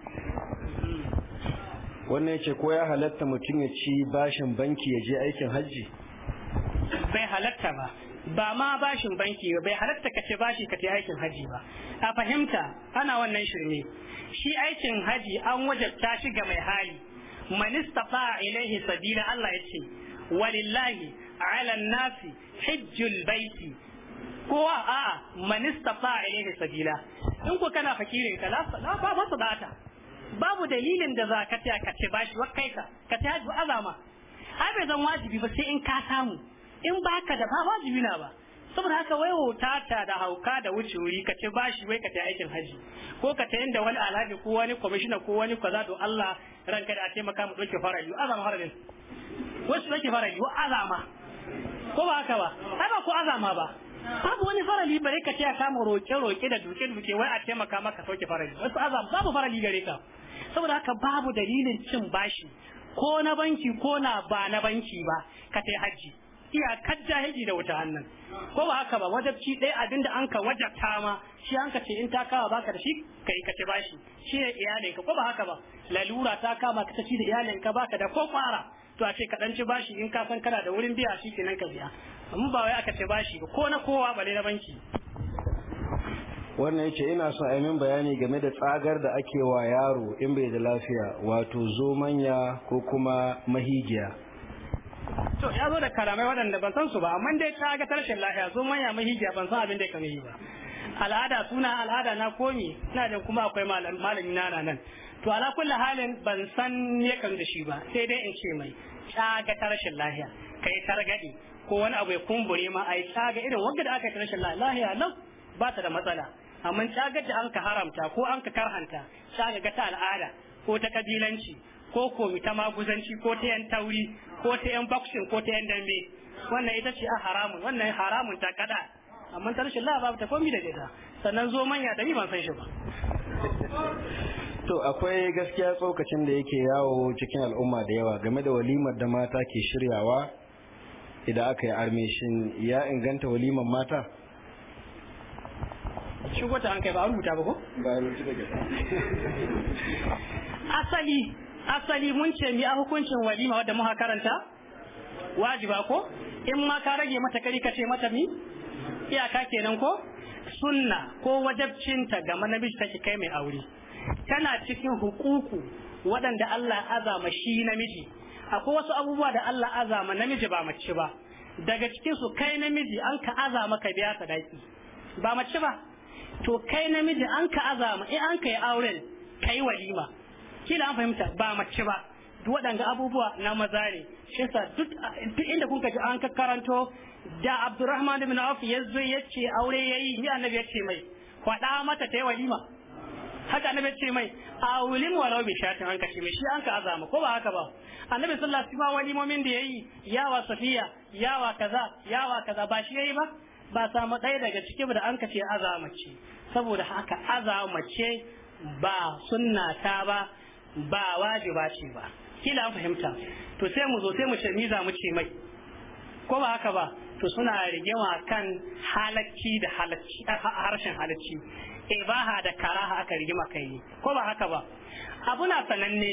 wannan ya ce ko ya halatta mutum ya ci bashin banki ya je aikin hajji
bai halatta ba ba ma bashin banki ba bai halatta ka ce bashi ka ce aikin haji ba a fahimta ana wannan shirme shi aikin haji an wajabta shi ga mai hali man istafa ilaihi sabila Allah ya ce walillahi ala nasi hajjul baiti kowa a'a man istafa ilaihi sabila in ko kana fakirin ka la ba masa data babu dalilin da za ka ce ka ce bashi wa kai ka ka ce haji azama ai bai zan wajibi ba sai in ka samu in ba ka da ba ba na ba saboda haka wai ta da hauka da wuce wuri ka ce bashi wai ka ta aikin haji ko ka ta yanda wani alhaji ko wani kwamishina ko wani kaza to Allah ranka da a taimaka mu doke farayu azama faradin wasu doke farayu azama ko ba haka ba ai ba ko azama ba babu wani farali bare ka ce a kama roke roke da duke duke wai a taimaka maka soke farali wasu azama babu farali gare ka saboda haka babu dalilin cin bashi ko na banki ko na ba na banki ba ka tai haji iyakar jahili da wuta hannun ko ba haka ba wajabci ɗaya abinda an ka wajabta ma shi an ka ce in ta kama baka da shi kai ka ci bashi shi ne iyalinka ko ba haka ba lalura ta kama ka ci da iyalinka baka da ko kwara to a ce ka ci bashi in ka san kana da wurin biya shi kenan ka biya amma ba wai aka ce bashi ba ko na kowa bale na banki
wannan yace ina son a min bayani game da tsagar da ake wa yaro in bai da lafiya wato zo manya ko kuma mahigiya
to ya zo da kalamai waɗanda ban san su ba amma dai ta ga tarshen lahiya zo manya mahijiya ban san abin da kame yi ba al'ada suna al'ada na komi ina da kuma akwai malami na nan to ala kulli halin ban san ya kan da shi ba sai dai in ce mai ta ga tarshen lahiya kai targadi ko wani abu ya kumbure ma ai ta ga irin wanda da aka tarshen lahiya nan ba ta da matsala amma ta ga da an ka haramta ko an ka karhanta ta ga ta al'ada ko ta kabilanci ko ko ita ma kusanci ko ta yan tauri ko ta yan boxing ko ta yan dambe wannan ita ce a haramun wannan haramun ta kada amma ta rashin la'a babu ta komi da gida sannan zo manya da ban san shi ba
to akwai gaskiya tsokacin da yake yawo cikin al'umma da yawa game da walimar da mata ke shiryawa idan aka yi armishin ya inganta walimar mata
shi wata an kai ba rubuta ba ko ba rubuta ba asali asali mun ce mi a hukuncin walima wadda muka karanta wajiba ko in ma ka rage mata kari ka ce mata mi iyaka kenan ko sunna ko wajabcinta ga ta ki kai mai aure tana cikin hukuku waɗanda Allah azama shi namiji akwai wasu abubuwa da Allah azama namiji ba mace ba daga cikin su kai namiji an ka azama ka biya sadaki ba mace ba to kai namiji an ka azama in an ka yi auren kai walima kila an fahimta ba mace ba duk waɗanga abubuwa na maza ne shi yasa duk inda kun kaji an karanto da Abdurrahman ibn Auf yazo yace aure yayi ni annabi yace mai faɗa mata ta yi walima haka annabi yace mai awlim walau bi shatin an kace mai shi an ka azama ko ba haka ba annabi sallallahu alaihi wasallam walimomin da yayi yawa safiya yawa kaza yawa kaza ba shi yayi ba ba samu ɗaya daga cikin da an kace azama ce saboda haka azama ce ba sunna ta ba ba wajiba ce ba kila an fahimta to sai mu zo sai mu ce za mu ce mai ko ba haka ba to suna rigima kan halacci da halacci harshen halacci ibaha da karaha aka rigima kai ko ba haka ba abu na sananne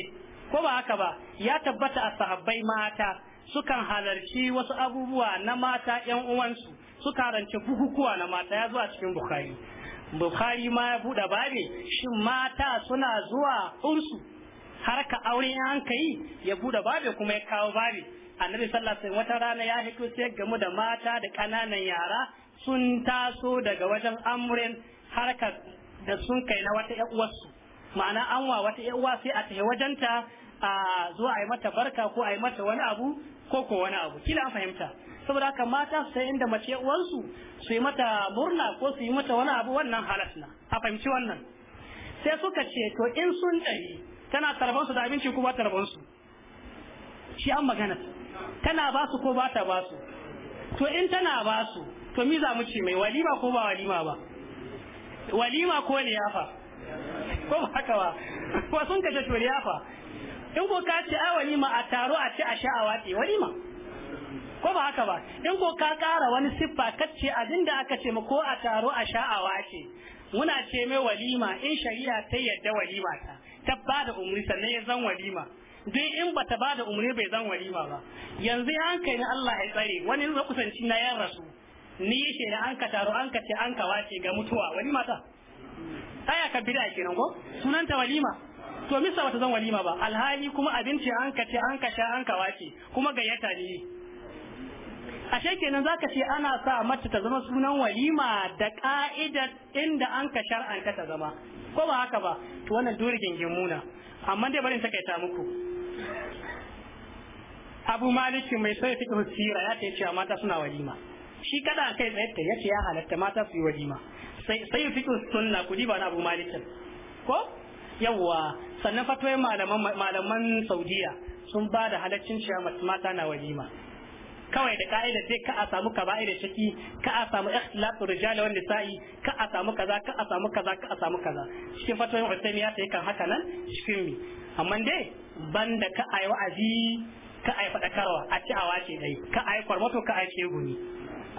ko ba haka ba ya tabbata a sahabbai mata sukan halarci wasu abubuwa na mata yan uwansu suka ranci bukukuwa na mata ya zuwa cikin bukhari bukhari ma ya buɗe bari shin mata suna zuwa ursu harka aure ya an kai ya bude babe kuma ya kawo babe annabi sallallahu alaihi wasallam wata rana ya hito sai gamu da mata da kananan yara sun taso daga wajen amuren harkar da sun kai na wata uwarsu ma'ana an wa wata uwa sai a tafi wajenta a zuwa a yi mata barka ko a yi mata wani abu ko ko wani abu kila an fahimta saboda haka mata su sai inda mace uwarsu su yi mata murna ko su yi mata wani abu wannan halas na a fahimci wannan sai suka ce to in sun ɗari tana tarban su da abinci ko ba tarban su shi an magana tana ba su ko ba ta ba su to in tana ba su to mi za mu ce mai walima ko ba walima ba walima ko ne yafa ko ba haka ba ko sun kace to yafa in ko ka ce a walima a taro a ci a sha a wace walima ko ba haka ba in ko ka kara wani siffa kace abinda aka ce ko a taro a sha a wace muna ce mai walima in shari'a ta yadda walima ta ta ba da umri sannan ya zan walima dai in ba ta ba da umri bai zan walima ba yanzu ya kai ni Allah ya tsare wani na kusanci na yan rasu ni yake na an ka taro an ka ce an ka wace ga mutuwa walima ta aya ka bida nan ko sunanta walima to misa bata zan walima ba alhali kuma abinci an ka ce an ka sha an ka wace kuma gayyata ne ashe kenan zaka ce ana sa mata ta zama sunan walima da ka'idar inda an ka shar'anta ta zama ko ba haka ba to wannan dole gingimu na amma dai bari in takaita muku abu maliki mai sai fi sira ya ce mata suna walima shi kada kai tsaye ta yace ya halatta mata su yi walima sai sai fiqh sunna ku diba na abu Malik. ko yawa sannan fatoyin malaman malaman saudiya sun bada da halaccin mata na walima kawai da ka'ida sai ka a samu kaba'ira shaki ka a samu ikhtilafu rijal wa nisa'i ka a samu kaza ka a samu kaza ka a samu kaza cikin fatoyin Usaimi ya sai kan haka nan cikin mi amma dai banda ka ayi wa'azi ka ayi fadakarwa a ci a wace dai ka ayi kwarmato ka ayi sheguni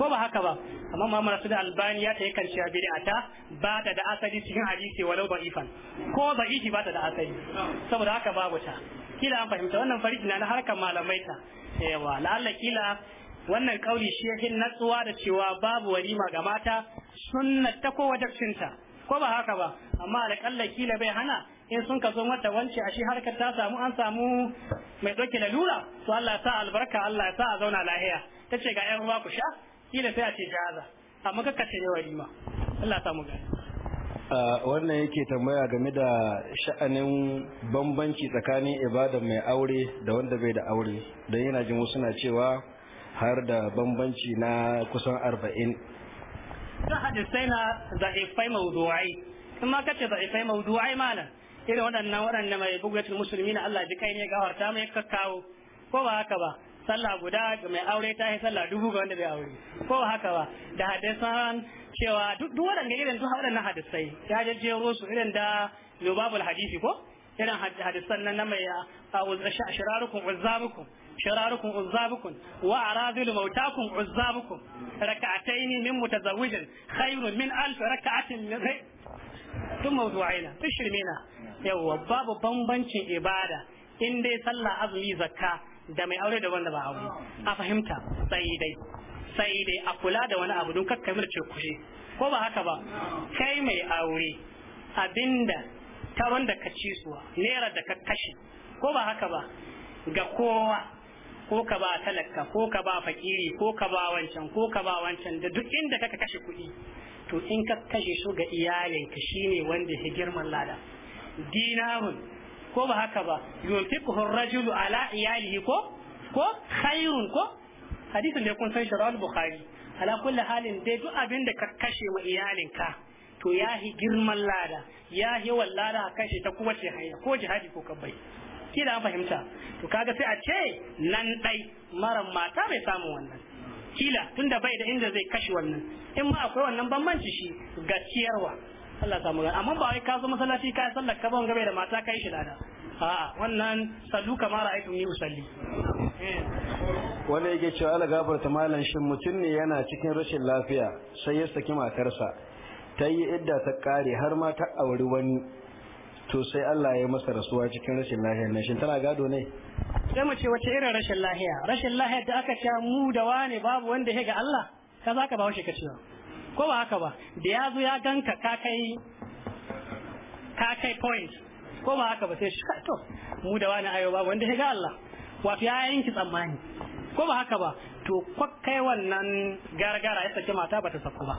ko ba haka ba amma Muhammad Rasul Albani ya ta kan cewa bid'ata ba ta da asali cikin hadisi walau ifan ko ifi ba ta da asali saboda haka babu ta kila an fahimta wannan farki na harkar malamai ta yawa la'alla kila wannan kauli shi natsuwa da cewa babu walima ga mata sunna ta ko wajabcinta ko ba haka ba amma alƙalla kila bai hana in sun ka zo mata wance a shi harkar ta samu an samu mai ɗauke da lura to Allah ya sa albarka Allah ya sa a zauna lahiya ta ce ga 'yan ruwa ku sha kila sai a ce jaza amma kakkace ne walima Allah samu gani
wannan yake tambaya game da sha'anin bambanci tsakanin ibada mai aure da wanda bai da aure don yana jin wasu na cewa har da bambanci na kusan arba'in
ta hadisai na za'ifai mawuduwa'i in ma kace za'ifai mawuduwa'i mana irin waɗannan waɗanda mai bugatul musulmi na Allah ji kai ne gawarta mai kakkawo ko ba haka ba sallah guda mai aure ta yi sallah dubu ga wanda bai aure ko ba haka ba da hadisan cewa duk waɗanda waɗannan irin duk waɗannan hadisai ya jajjero su irin da lubabul hadisi ko irin hadisan nan na mai shirarukum uzzabukum shirarukum uzzabukum wa aradul mautakum uzzabukum rak'ataini min mutazawwijin khairun min alf rak'atin min tun mawdu'aina tishrimina yawwa babu bambancin ibada in dai sallah azumi zakka da mai aure da wanda ba aure a fahimta sai dai sai dai a kula da wani abu don kakka mirce kushe ko ba haka ba kai mai aure abinda ta wanda ka ci suwa naira da ka kashe ko ba haka ba ga kowa ko ka ba talaka ko ka ba fakiri ko ka ba wancan ko ka ba wancan da duk inda ka kashe kuɗi to in ka kashe su ga ka shine wanda ya girman lada dinarun ko ba haka ba yunfiquhu ar-rajulu ala iyalihi ko ko khairun ko hadisin da kun san shi rawal bukhari ala kulli halin dai duk abin da ka kashe wa iyalinka to ya yi girman lada ya yahi wallada kashe ta kuma ce hanya ko jihadi ko kabbai da fahimta to kaga sai a ce nan dai maran mata bai samu wannan kila tunda bai da inda zai kashe wannan in ma akwai wannan bambanci shi ga ciyarwa Allah samu amma ba wai ka zo masallaci ka sallar ka ban gabe da mata kai shi lada a'a wannan sallu kama ra'aytum ni usalli
wanda yake cewa ala gafarta malam shin mutum ne yana cikin rashin lafiya sai ya saki matarsa ta yi idda ta kare har ma ta auri wani to sai Allah ya masa rasuwa cikin rashin lafiya ne shin tana gado ne
sai mu ce wace irin rashin lafiya rashin lafiya da aka ce mu da wane babu wanda ya ga Allah ka za ka ba washe ka ciwa ko ba haka ba da ya zo ya ganka ka kai ka kai point ko ba haka ba sai shi to mu da wani ayo ba wanda ya ga Allah wato ya yanki tsammani ko ba haka ba to kai wannan gargara ya sake mata bata sako ba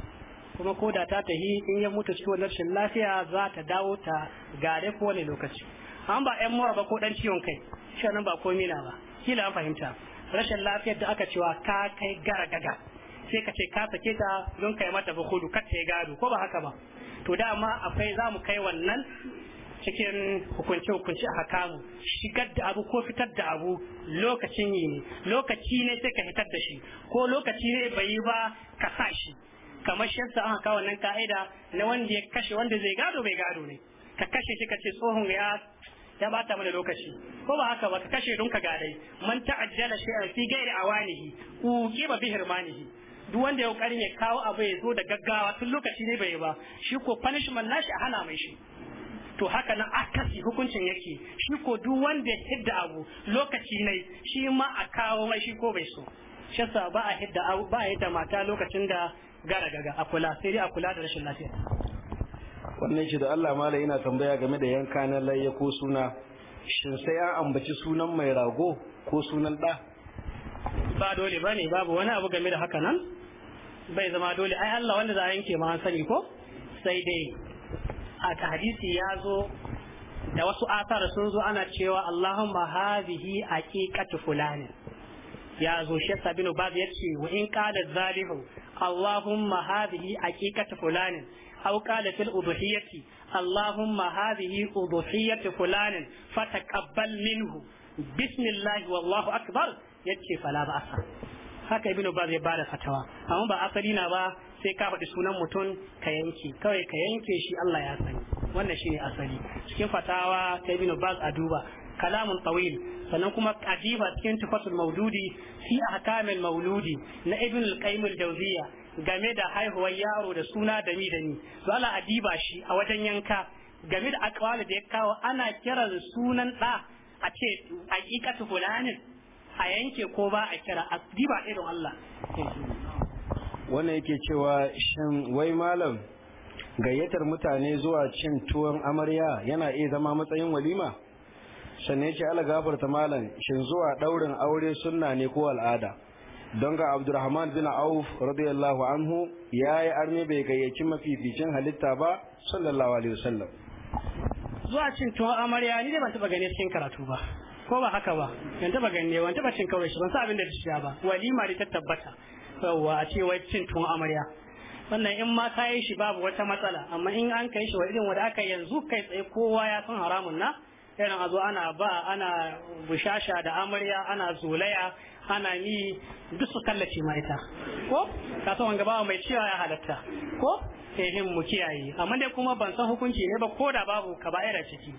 kuma ko da ta tahi in ya mutu cikin rashin lafiya za ta dawo ta gare ko wani lokaci an ba yan mura ba ko dan ciwon kai shi nan ba komi na ba kila an fahimta rashin lafiyar da aka cewa ka kai gargaga sai ka ce ka sake ta don kai mata kudu kar ta gado ko ba haka ba to dama akwai za mu kai wannan cikin hukunce-hukunce a hakamu shigar da abu ko fitar da abu lokacin yi ne lokaci ne sai ka fitar da shi ko lokaci ne bai yi ba ka sa shi kamar shi yasa aka kawo nan ka'ida na wanda ya kashe wanda zai gado bai gado ne ka kashe shi ka ce tsohon ya ya bata mana lokaci ko ba haka ba ka kashe don ka gadai man ta'ajjala shay'an fi ghairi awanihi ba bi hirmanihi duk wanda ya kokarin ya kawo abu ya zo da gaggawa tun lokaci ne bai ba shi ko punishment nashi a hana mai shi to haka nan akasi hukuncin yake shi ko duk wanda ya hidda abu lokaci ne shi ma a kawo mai shi ko bai so shi sa ba a hidda abu ba a hidda mata lokacin da gara gaga a kula sai dai a kula da rashin lafiya
wannan shi da Allah mala ina tambaya game da yanka na layya ko suna shin sai an ambaci sunan mai rago ko
sunan da ba dole bane babu wani abu game da haka nan bai zama dole ai Allah wanda za a yanke ma an sani ko sai dai a hadisi ya zo da wasu asar sun zo ana cewa Allahumma hadhihi aqiqatu fulani ya zo shi sabinu bab yace wa in qala zalihu Allahumma hadhihi aqiqatu fulani aw qala fil udhiyati Allahumma hadhihi udhiyatu fulani fataqabbal minhu bismillah wallahu akbar yace fala asa haka ibnu baz ya bada fatawa amma ba asali na ba sai ka faɗi sunan mutum ka yanke kawai ka yanke shi Allah ya sani wannan shine asali cikin fatawa ta ibn Baz a duba kalamun tawil sannan kuma qadiba cikin tufatul maududi fi ahkamil mauludi na ibn al-qayyim al-jawziya game da haihuwar yaro da suna da ni da ni zala adiba shi a wajen yanka game da akwali da ya kawo ana kiran sunan da a ce hakikatu fulanin a yanke ko ba a kira adiba irin Allah
wannan yake cewa shin wai malam gayyatar mutane zuwa cin tuwon amarya yana iya zama matsayin walima sannan ya ce ala gafarta malam shin zuwa ɗaurin aure sunna ne ko al'ada don ga abdurrahman bin auf radiyallahu anhu ya yi arni bai gayyaci mafificin halitta ba sallallahu alaihi wasallam
zuwa cin tuwon amarya ni dai ban taɓa gane cikin karatu ba ko ba haka ba ban taɓa gane ban taɓa cin kawai shi ban sa abin da ta ba walima da ta tabbata yawwa a ce wai cin tun amarya wannan in ma ka yi shi babu wata matsala amma in an kai shi wa irin wanda aka yanzu kai tsaye kowa ya san haramun na irin a zo ana ba ana bushasha da amarya ana zolaya ana ni duk su kallace ma ita ko ka san wanga ba mai cewa ya halatta ko ehin mu kiyaye amma dai kuma ban san hukunci ne ba ko da babu ira ciki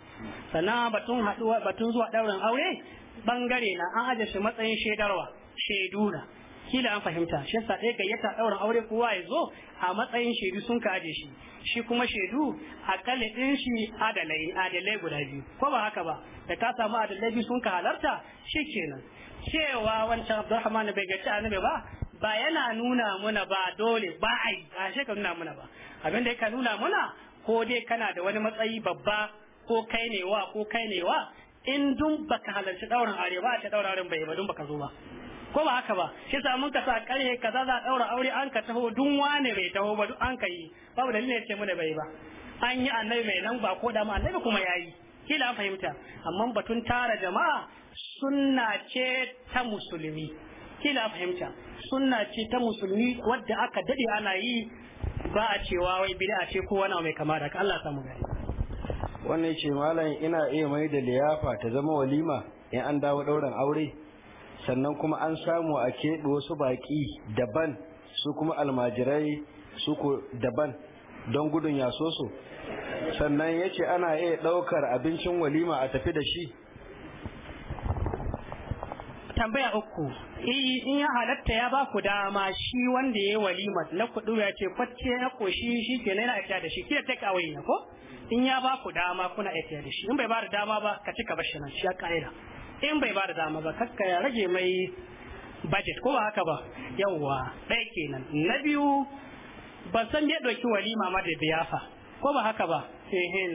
sannan batun haduwa batun zuwa daurin aure bangare na an aje shi matsayin shedarwa shaiduna. kila an fahimta shi yasa ɗaya gayyata daura aure kowa ya zo a matsayin shaidu sun ka aje shi shi kuma shaidu kalle ɗin shi adalai adalai guda biyu ko ba haka ba da ka samu adalai biyu sun ka halarta shi kenan cewa wancan Abdulrahman bai gaci annabi ba ba yana nuna muna ba dole ba ai ba shi ka nuna muna ba abin da ka nuna muna ko dai kana da wani matsayi babba ko kai ne wa ko kai ne wa in dun baka halarci ɗaurin aure ba ta daurin aure bai ba dun baka zo ba ko ba haka ba shi sa mun kasa sa kaza za daura aure an ka taho dun wane bai taho ba duk an ka yi babu dalilin ya ce mu da bai ba an yi annabi mai nan ba ko da ma annabi kuma yayi kila an fahimta amma batun tara jama'a sunna ce ta musulmi kila fahimta sunna ce ta musulmi wadda aka dade ana yi ba a cewa wai bid'a ce ko wani mai kama da Allah samu gari wannan
ce malam ina iya mai da liyafa ta zama walima in an dawo dauran aure sannan kuma an samu a keɓe wasu baƙi daban su kuma almajirai su ku daban don gudun so su sannan ya ce ana iya ɗaukar abincin walima a tafi da shi
tambaya uku eh, in ya halatta ya ba ku dama shi wanda ya yi walima na kudu ya ce kwacce ya koshi shi ke na iya da shi kira ta away ne ko in ya ba ku dama kuna aiki da shi in bai ba da dama ba ka cika bashi nan shi ya ka'ida in bai ba da dama ba kakka ya rage mai budget ko ba haka ba yawwa ɗaya kenan na biyu ba san ya ɗauki walima ma da biyafa ko ba haka ba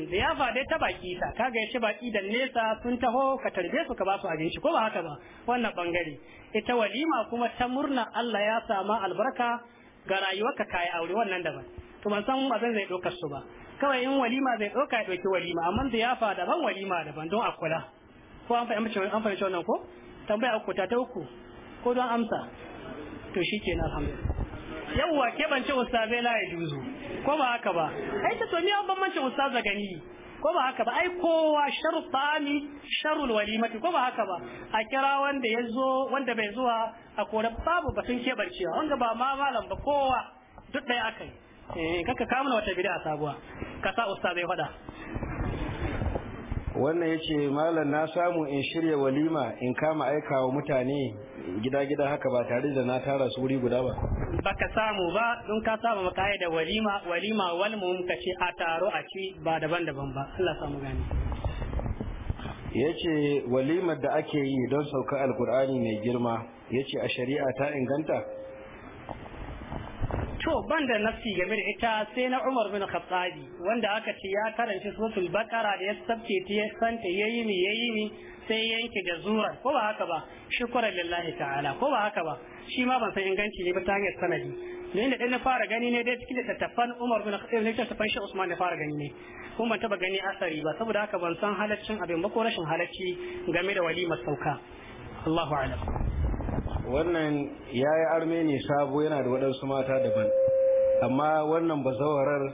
biyafa dai ta baki ta kaga ya baki da nesa sun taho ka tarbe su ka ba su abinci ko ba haka ba wannan bangare ita walima kuma ta murna Allah ya sama albarka ga rayuwarka kai aure wannan daban to ban san zan zai ɗaukar su ba kawai in walima zai ɗauka ya ɗauki walima amma ziyafa daban walima daban don a kula ko an fahimci an fahimci wannan ko tambaya uku ta ta uku ko don amsa to shikenan alhamdulillah yawwa ke ce ustaze la ya juzu ko ba haka ba ai ta to ni an bambance ustaze gani ko ba haka ba ai kowa sharfani sharul walimati ko ba haka ba a kira wanda ya zo wanda bai zuwa a kore babu batun kebancewa wanda ba ma malam ba kowa duk ɗaya akai eh kaka kamuna wata bid'a sabuwa ka sa ya faɗa
wannan ya ce, malam na samu in shirya walima in kama aika wa mutane gida-gida haka ba tare da na tara su wuri guda ba
Ba ka samu ba don ka samu makaye da walima walima wani ka ce a taro a ci ba daban-daban ba Allah samu gani
Ya ce walimar da ake yi don sauka alkur'ani mai girma ya ce a shari'a ta inganta
to ban da nafsi game da ita sai na Umar bin Khattabi wanda aka ce ya karanci suratul Baqara da ya sabke ta ya santa yayi mi yayi mi sai yanke da zuwa ko ba haka ba shukran lillahi ta'ala ko ba haka ba shi ma ban san inganci ne ba ta hanyar sanadi ne da na fara gani ne dai cikin tattafan Umar bin khattabi ne tattafan shi Usman na fara gani ne ko ban taba gani asari ba saboda haka ban san halaccin abin ba ko rashin halacci game da walimar sauka Allahu a'lam
wannan ya yi arme ne sabo yana da waɗansu mata daban amma wannan ba zawarar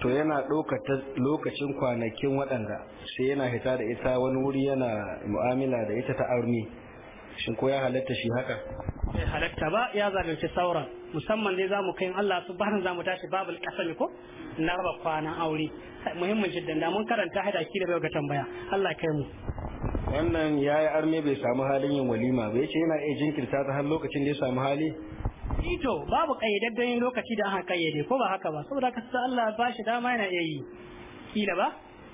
to yana ɗaukata lokacin kwanakin waɗanda sai yana hita da ita wani wuri yana mu'amila da ita ta arme shin ko ya halatta shi haka
bai halatta ba ya zalunci sauran musamman dai zamu kai Allah subhanahu zamu tashi babul qasami ko na raba kwanan aure muhimmin jiddan da mun karanta hada ki da ga tambaya Allah kai mu
wannan yayi arme bai samu halin yin walima Bai ce yana iya jinkirta ta har lokacin da ya samu hali
ito babu kayyadaddan lokaci da aka kayyade ko ba haka ba saboda ka Allah ba shi dama yana iya yi kila ba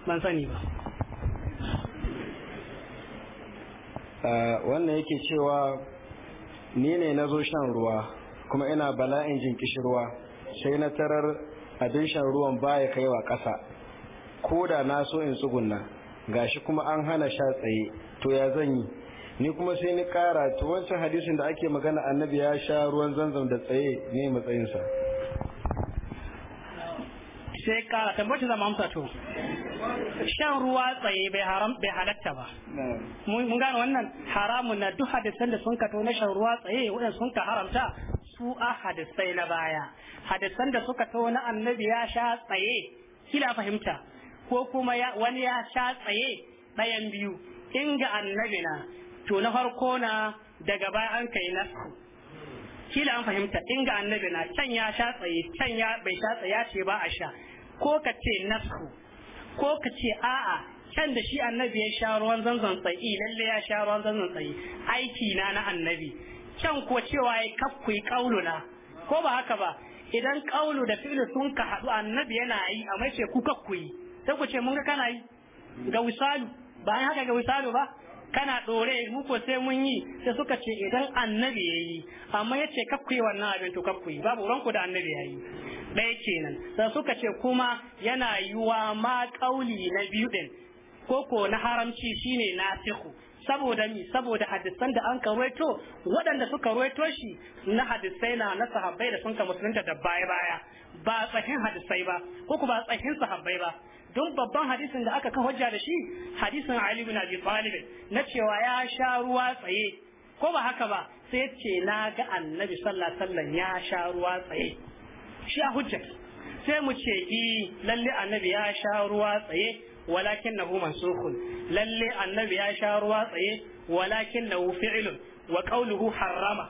ban sani ba
Eh, wannan yake cewa ni ne na zo shan ruwa kuma ina bala'in jin kishirwa sai na tarar abin shan ruwan baya kaiwa ƙasa ko da na so in tsugunna gashi kuma an hana sha tsaye to ya zan yi ni kuma sai ni ƙara to wancan hadisin da ake magana annabi ya sha ruwan zanzam da tsaye ne matsayinsa
sai kara tambaci zama amsa to shan ruwa tsaye bai haram bai halatta ba mun gane wannan haramun na duk hadisan da sun kato na shan ruwa tsaye wadanda sun ka haramta su a hadisai na baya hadisan da suka to na annabi ya sha tsaye kila fahimta ko kuma wani ya sha tsaye ɗayan biyu in ga annabi na to na farko na daga baya an kai nasu kila an fahimta in ga annabi na can ya sha tsaye can ya bai sha tsaye ce ba a sha ko ka ce nasu ko ka ce a'a can da shi annabi ya sha ruwan zanzan tsayi lalle ya sha ruwan zanzan tsayi aiki na na annabi can ko cewa ya kafkwai kauluna ko ba haka ba idan kaulu da fi'lu sun ka haɗu annabi yana yi a mace ku kakku sai ku ce mun ga kana yi ga wisalu ba an haka ga wisalu ba kana ɗore mu ko sai mun yi sai suka ce idan annabi ya yi amma ya ce kakku wannan abin to kakku babu ranku da annabi ya yi ɗaya kenan sai suka ce kuma yana yiwa ma ƙauli na biyu ɗin koko na haramci shine na nasihu saboda mi saboda hadisan da an karwaito waɗanda suka ruwaito shi na hadisai na na sahabbai da sun ka musulunta da baya baya ba tsahin hadisai ba ko ba tsahin sahabbai ba don babban hadisin da aka kan hujja da shi hadisin Ali bin Abi Talib na cewa ya sha ruwa tsaye ko ba haka ba sai ce na ga Annabi sallallahu alaihi wasallam ya sha ruwa tsaye shi a hujja sai mu ce i lalle annabi ya sha ruwa tsaye walakin nahu mansukun lalle annabi ya sha ruwa tsaye walakin nahu fi'lun wa qawluhu harrama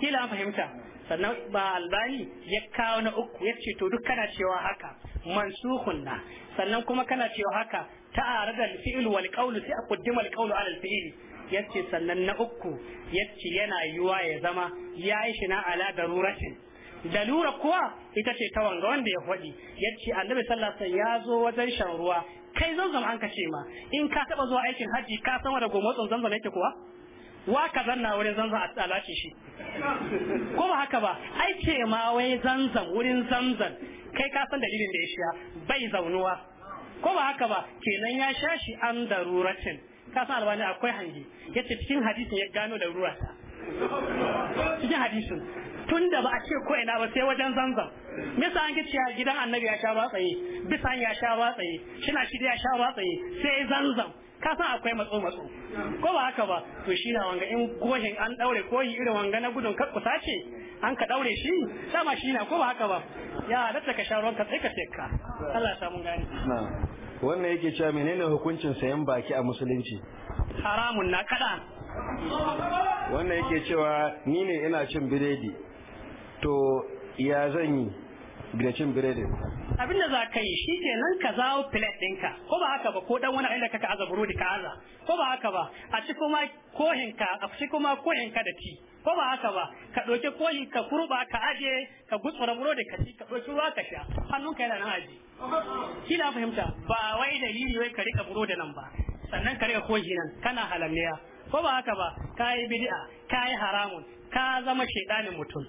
kila fahimta sannan ba albani ya kawo na uku ya ce to duk kana cewa haka mansukun na sannan kuma kana cewa haka ta ta'arad al-fi'l wal qawl sai a qaddima al-qawl ala al-fi'l yace sannan na uku yace yana yiwa ya zama yayi shi na ala daruratin Dalura kuwa ita ce ta wanga wanda ya faɗi ya ce annabi sallallahu alaihi ya zo wajen shan ruwa kai zanzam an kace ma in ka taba zuwa aikin haji ka san wa wanda gomotsin zanzam yake kuwa wa ka zanna wurin zanzam a tsalace shi ko ba haka ba ai ce ma wai zanzam wurin zanzam kai ka san dalilin da ya shiya bai zaunuwa ko ba haka ba kenan ya sha shi an daruratin ka san albani akwai hangi yace cikin hadisin ya gano da ruwa cikin hadisin tun da ba a ce ko ina ba sai wajen zanzan yasa an gici gidan annabi ya sha batsaye bisa ya sha batsaye shina shi ya sha batsaye sai zanzan ka san akwai matso matso ko ba haka ba to shi na wanga in gohin an daure yi irin wanga na gudun kakku ce an ka daure shi sama shi na ko ba haka ba ya halatta ka sha ruwan ka sai ka ka Allah ya samu gani
wannan yake cewa menene hukuncin sayan baki a musulunci
haramun na kada
wannan yake cewa ni ne ina cin biredi to ya zan yi da cin biredin
abinda za ka yi shi ke nan ka zawo filet ɗinka ko ba haka ba ko dan wani ainihin kaka aza burodi ka aza ko ba haka ba a ci kuma ka, a ci kuma ka da ti ko ba haka ba ka ɗauki kohin ka kurba ka aje ka gutsura burodi ka ci ka ɗauki ruwa ka sha ka yana nan aji shi na fahimta ba wai dalili wai ka riƙa burodi nan ba sannan ka riƙa kohi nan kana halamiya ko ba haka ba kayi bid'a kayi haramun ka zama shedanin mutum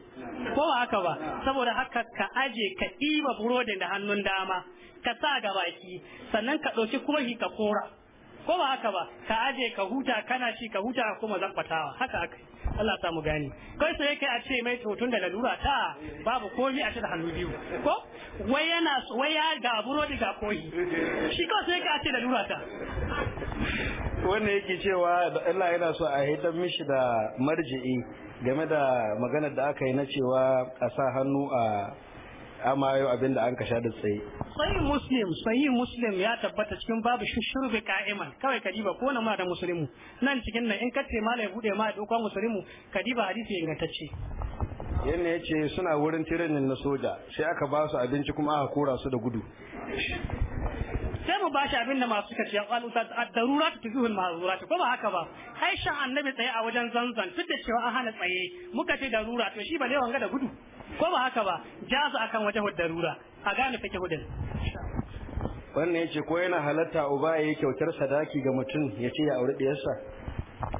ko ba haka ba saboda haka ka aje ka ɗiba burodin da hannun dama ka sa ga baki sannan ka ɗauki kohi ka kora ko ba haka ba ka aje ka huta kana ci ka huta kuma zabbatawa haka aka Allah samu mu gani kai sai yake a ce mai to tun da lalura ta babu komai a ce da hannu biyu ko wai yana wai ya ga burodi ga koyi shi kai sai yake a ce lalura ta
wannan yake cewa Allah yana so a haitar mishi da marji'i game da maganar da aka yi na cewa a sa hannu a amma yau abin da an kasha da tsaye
sai muslim sai muslim ya tabbata cikin babu shushurbe ka'iman kawai kadiba ko na ma da muslimu nan cikin nan in kace mala ya bude ma da dokon muslimu kadiba hadisi ingantacce
yanne yace suna wurin tirinin na soja sai aka ba su abinci kuma aka kora su da gudu
sai mu bashi abin da masu kace ya qalu ta ad-darurat tuzul ma'zurat ko ba haka ba aisha annabi tsaye a wajen zanzan fitar da cewa an hana tsaye muka ce darura to shi ba lewan ga da gudu ko ba haka ba su akan wata darura a gane fake hudar.
wannan yace ko yana halatta uba yayi kyautar sadaki ga mutum yace ya aure diyarsa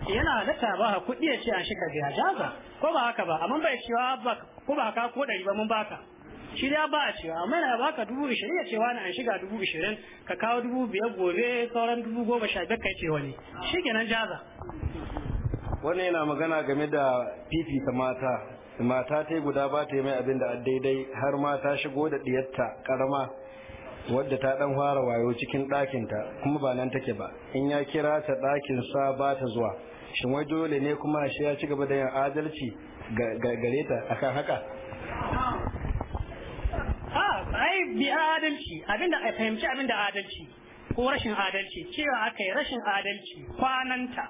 yana halatta ba kuɗi ya ce an shiga ka jaza ko ba haka ba amma bai cewa ba ko ba haka ko dari ba mun baka shi da ba a cewa amma yana baka dubu 20 ya ce wani an shiga dubu 20 ka kawo dubu biyar gobe sauran dubu 10 sha biyar kai ce wani shi kenan jaza wannan yana magana
game da fifita mata mata ta guda ba ta yi mai abin da daidai har ma ta shigo da ɗiyarta karama wadda ta ɗan fara wayo cikin ɗakinta kuma ba nan take ba in ya kira ta ɗakin sa ba ta zuwa shin wai dole ne kuma shi ya ci gaba da yin adalci gare ta akan haka
a ai bi adalci abinda a fahimci abinda adalci ko rashin adalci cewa aka yi rashin adalci kwananta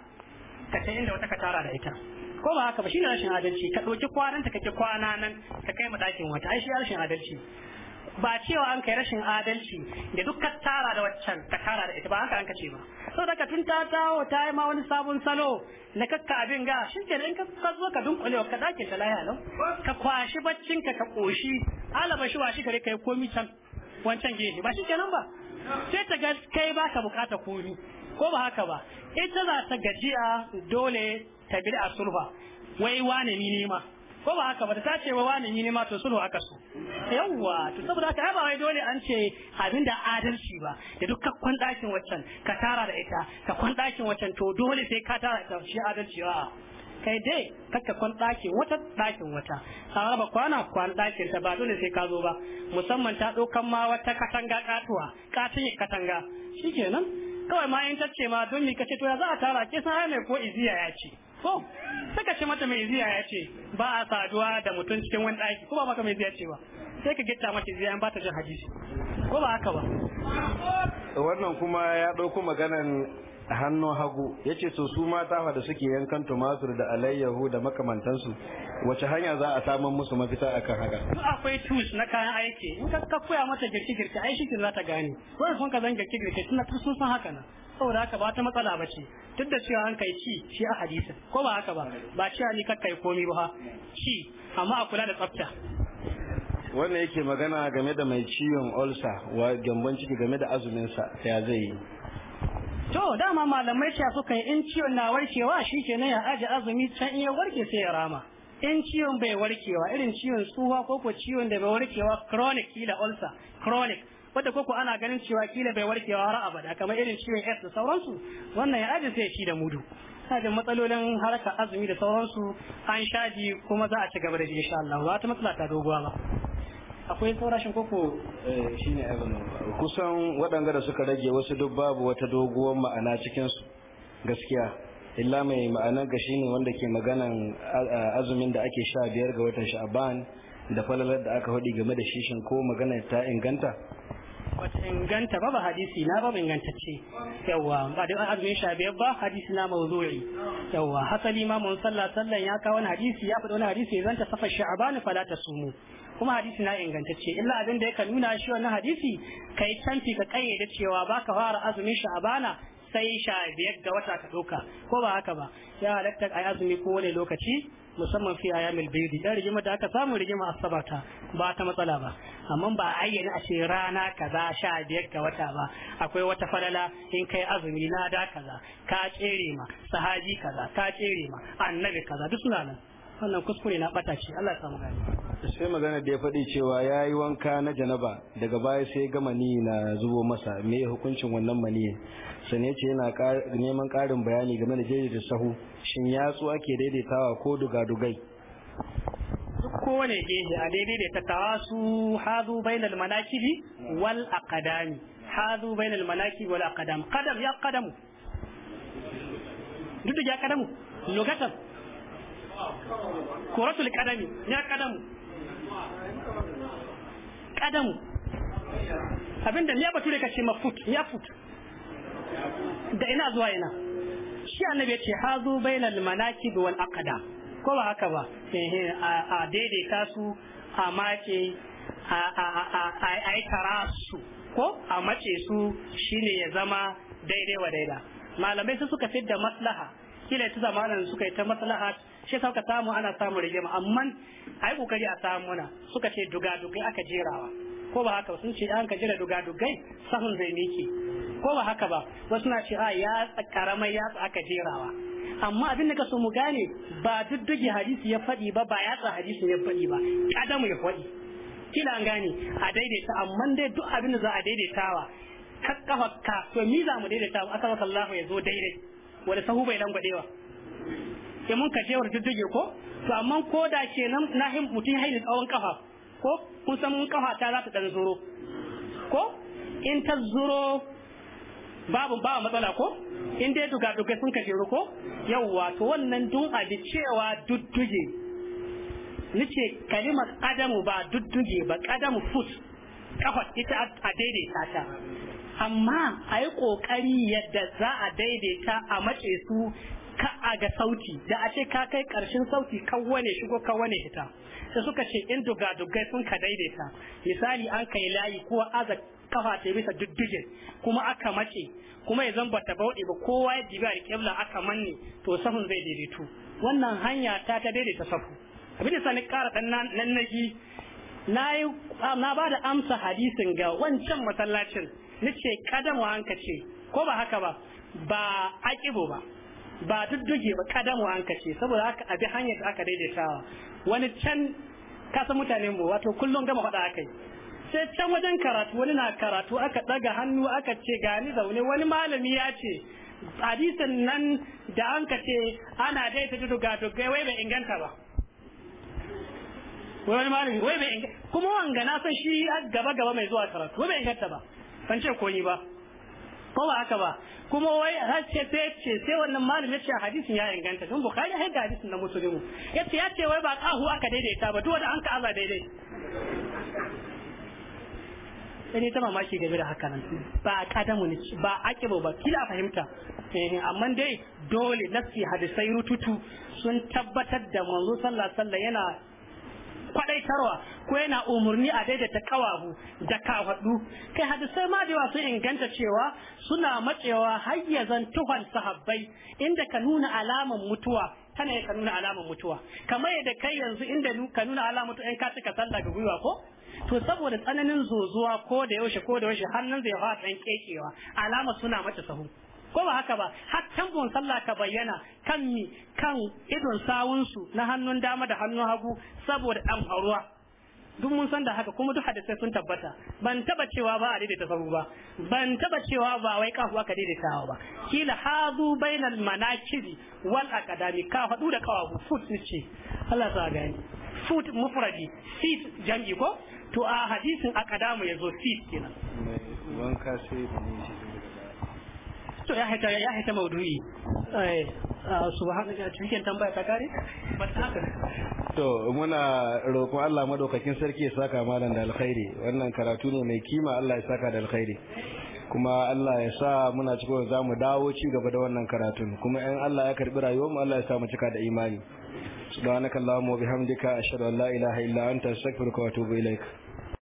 ka ta inda wata ka tara da ita ko ba haka ba shine rashin adalci ka dauki kwanan ta kake kwana nan ka kai mu wata ai shi rashin adalci ba cewa an kai rashin adalci da dukkan tara da waccan ta kara da ita ba haka an kace ba so daga tun ta tawo ta yi ma wani sabon salo na kakka abin ga shin ke in ka zo ka dunkule ka dake ta laya lau ka kwashi baccin ka ka koshi alaba shi washi kare kai komi can wancan gehe ba shi kenan ba sai ta ga kai ba ka bukata komi ko ba haka ba ita za ta gajiya dole ta a sulha wai wane ni ne ma ko ba haka ba ta ce wa wane ni ne ma to sulhu aka so yawwa to saboda haka ba wai dole an ce abin da adalci ba da dukkan kwan dakin waccan ka tara da ita ka kwan dakin waccan to dole sai ka tara da shi adalci ba kai dai kakka kwan ɗakin wata dakin wata a raba kwana kwan dakin ta ba dole sai ka zo ba musamman ta ɗaukan ma wata katanga katuwa katin katanga shikenan kawai ma in ta ce ma don ni kace to ya za a tara ke san mai ko iziya ya ce sai ka ce mata mai ziya ya ce ba a saduwa da mutum cikin wani ɗaki ko ba maka mai ziya ce ba sai ka gita mata ziya ba ta jin hadisi ko ba haka ba
wannan kuma ya ɗauko maganan hannun hagu ya ce so su mata da suke yankan tumatur da alayyahu da makamantansu wace hanya za a samun musu mafita akan haka
duk akwai tus na kayan aiki in ka koya mata girki girki ai shi za ta gane wani sun ka zan girki girki suna sun san haka na. saboda haka ba ta matsala ba ce duk da cewa an kai ci shi a hadisin ko ba haka ba ba ci a ni kakkai komi ba ci amma a kula da tsafta
wannan yake magana game da mai ciwon ulcer wa gyambon ciki game da azumin sa ya zai yi
to dama malamai cewa suka yi in ciwon na warkewa shi shikenan ya aje azumi can in ya warke sai ya rama in ciwon bai warkewa irin ciwon tsuwa ko ko ciwon da bai warkewa chronic kila ulcer chronic wadda koko ana ganin cewa kila bai warkewa har abada kamar irin ciwon S da sauransu wannan ya aji sai shi da mudu sajin matsalolin harkar azumi da sauransu an shaji kuma za a ci gaba da shi insha Allah ba ta matsala ta doguwa ba akwai
saurashin koko eh, shine kusan waɗanda da suka rage wasu duk babu wata doguwar ma'ana cikin su gaskiya illa mai ma'anar ga shine wanda ke maganan azumin da ake sha biyar ga watan Shaban da falalar da aka hudi game da shishin ko magana ta inganta
bata inganta ba ba hadisi na ba ingantacce yawa ba da azumin sha biyar ba hadisi na mawdu'i yawa hasali ma mun sallah sallan ya kawo wani hadisi ya faɗi wani hadisi zan ta safa bani fala sumu kuma hadisi na ingantacce illa abin da yake nuna shi wannan hadisi kai canfi ka kayyade cewa baka fara azumin bana sai sha biyar ga wata ka ɗauka ko ba haka ba ya halatta a azumi ko wani lokaci musamman fi ayamil baydi dan rigima da aka samu rigima asabata ba ta matsala ba amma ba a ayyana a ce rana kaza sha biyar ga wata ba akwai wata falala in kai azumi na da kaza ka tsere ma sahabi kaza ka tsere ma annabi kaza duk suna nan wannan kuskure na bata ce Allah ya samu gani
sai magana da ya faɗi cewa ya yi wanka na janaba daga baya sai ga mani na zubo masa me hukuncin wannan sai ne? ce yana neman ƙarin bayani game da jeji da sahu shin yatsu ake daidaitawa ko dugadugai
duk kowane gehe a daidai da ta tawasu hadu bainal manakibi wal aqdami hadu bainal manakibi wal aqdam kadam ya kadamu duk da ya kadamu lugatan kuratul kadami ya kadamu kadamu abinda ya da kace mafut ya fut da ina zuwa ina shi annabi ya ce hazu bainal manakib wal aqdam ko ba haka ba a daidaita su a mace a aikara su ko a mace su shine ya zama daidai wa daida malamai su suka fidda maslaha kila ta zamanin suka yi ta maslaha shi sauka samu ana samun rigima amma ai kokari a samu muna suka ce duga-dugai aka jerawa ko ba haka sun ce an ka jira dugai sahun zai miki ko ba haka ba wasu na ce a ya karamai ya aka jerawa amma abin da ka so mu gane ba duddugi hadisi ya faɗi ba ba yatsa hadisi ya faɗi ba adamu ya faɗi kila an gane a daidaita amma dai duk abin da za a daidaitawa kakkafa ka to ni za mu daidaita aka maka Allah ya zo daidai wala sahu bai dan gwadewa ke mun ka jewar dudduge ko to amma ko da kenan na hin mutum haini tsawon kafa ko kun san mun kafa ta za ta dan zuro ko in ta zuro babu ba matsala ko in dai duka duka sun ka jeru ko yawwa to wannan dun abi cewa dudduge nace kalimar adamu ba dudduge ba kadamu fus kafa ita a daidaita ta amma a yi ƙoƙari yadda za a daidaita a matse su ka ga sauti da a ce ka kai ƙarshen sauti kan wane shigo kan wane hita suka ce in duga-dugai sun ka daidaita misali an kai layi ko aza kafa ta bisa diddigin kuma aka mace kuma ya zamba ta bauɗe ba kowa ya jibi a kibla aka manne to sahun zai daidaitu wannan hanya ta ta daidaita sahu abin da sani ƙara ɗan nan yi na ba da amsa hadisin ga wancan masallacin na ce kadamu an ko ba haka ba ba aƙibo ba ba diddige ba kadamu an saboda haka abi hanyar da aka daidaitawa wani can kasa mutanen mu wato kullum gama faɗa aka sai can wajen karatu wani na karatu aka daga hannu aka ce gani zaune wani malami ya ce hadisin nan da an ka ce ana dai ta duga duga wai bai inganta ba wani malami wai bai inganta kuma wanga na san shi gaba gaba mai zuwa karatu wai bai inganta ba ban ce ko ba ko ba haka ba kuma wai hace sai ce sai wannan malami ya ce hadisin ya inganta don bukari ya ga hadisin na muslimu ya ce wai ba kahu aka daidaita ba duk wanda an ka aza daidai sai ne ta mamaki game da haka nan ba a kada mu ba a kibo ba kila fahimta eh, amma dai dole nasi hadisai rututu sun tabbatar da manzo sallallahu alaihi yana tarwa ko yana umarni a daidaita kawabu da kawadu kai hadisai ma da wasu inganta cewa suna matsewa hayyazan tuhon sahabbai inda ka nuna alaman mutuwa kana ya ka nuna alaman mutuwa kamar yadda kai yanzu inda ka nuna alaman mutuwa in ka cika sallah ga gwiwa ko to saboda tsananin zozuwa ko da yaushe ko da yaushe hannun zai fara dan kekewa alama suna mata sahu ko ba haka ba har tambon sallah ka bayyana kan mi kan idon sawunsu na hannun dama da hannun hagu saboda dan faruwa duk mun san da haka kuma duk hadisai sun tabbata ban taba cewa ba a daidaita sahu ba ban taba cewa ba wai kafu aka daidaitawa ba kila hadu bainal manakibi wal akadami. ka hadu da kawabu foot ce Allah ta gani Fut mufradi fit jangi ko to a hadisin a kadamu ya zo fit kenan
wanka sai da ne shi
to ya haita ya haita maudu'i eh su ba subhanaka cikin tambaya ta kare ba ta
haka to muna roƙon Allah madaukakin sarki ya saka malam da alkhairi wannan karatu ne mai kima Allah ya saka da alkhairi kuma Allah ya sa muna cikin za mu dawo ci gaba da wannan karatun kuma in Allah ya karbi rayuwar mu Allah ya sa mu cika da imani subhanakallahumma wa bihamdika ashhadu an la ilaha illa anta astaghfiruka wa atubu ilaik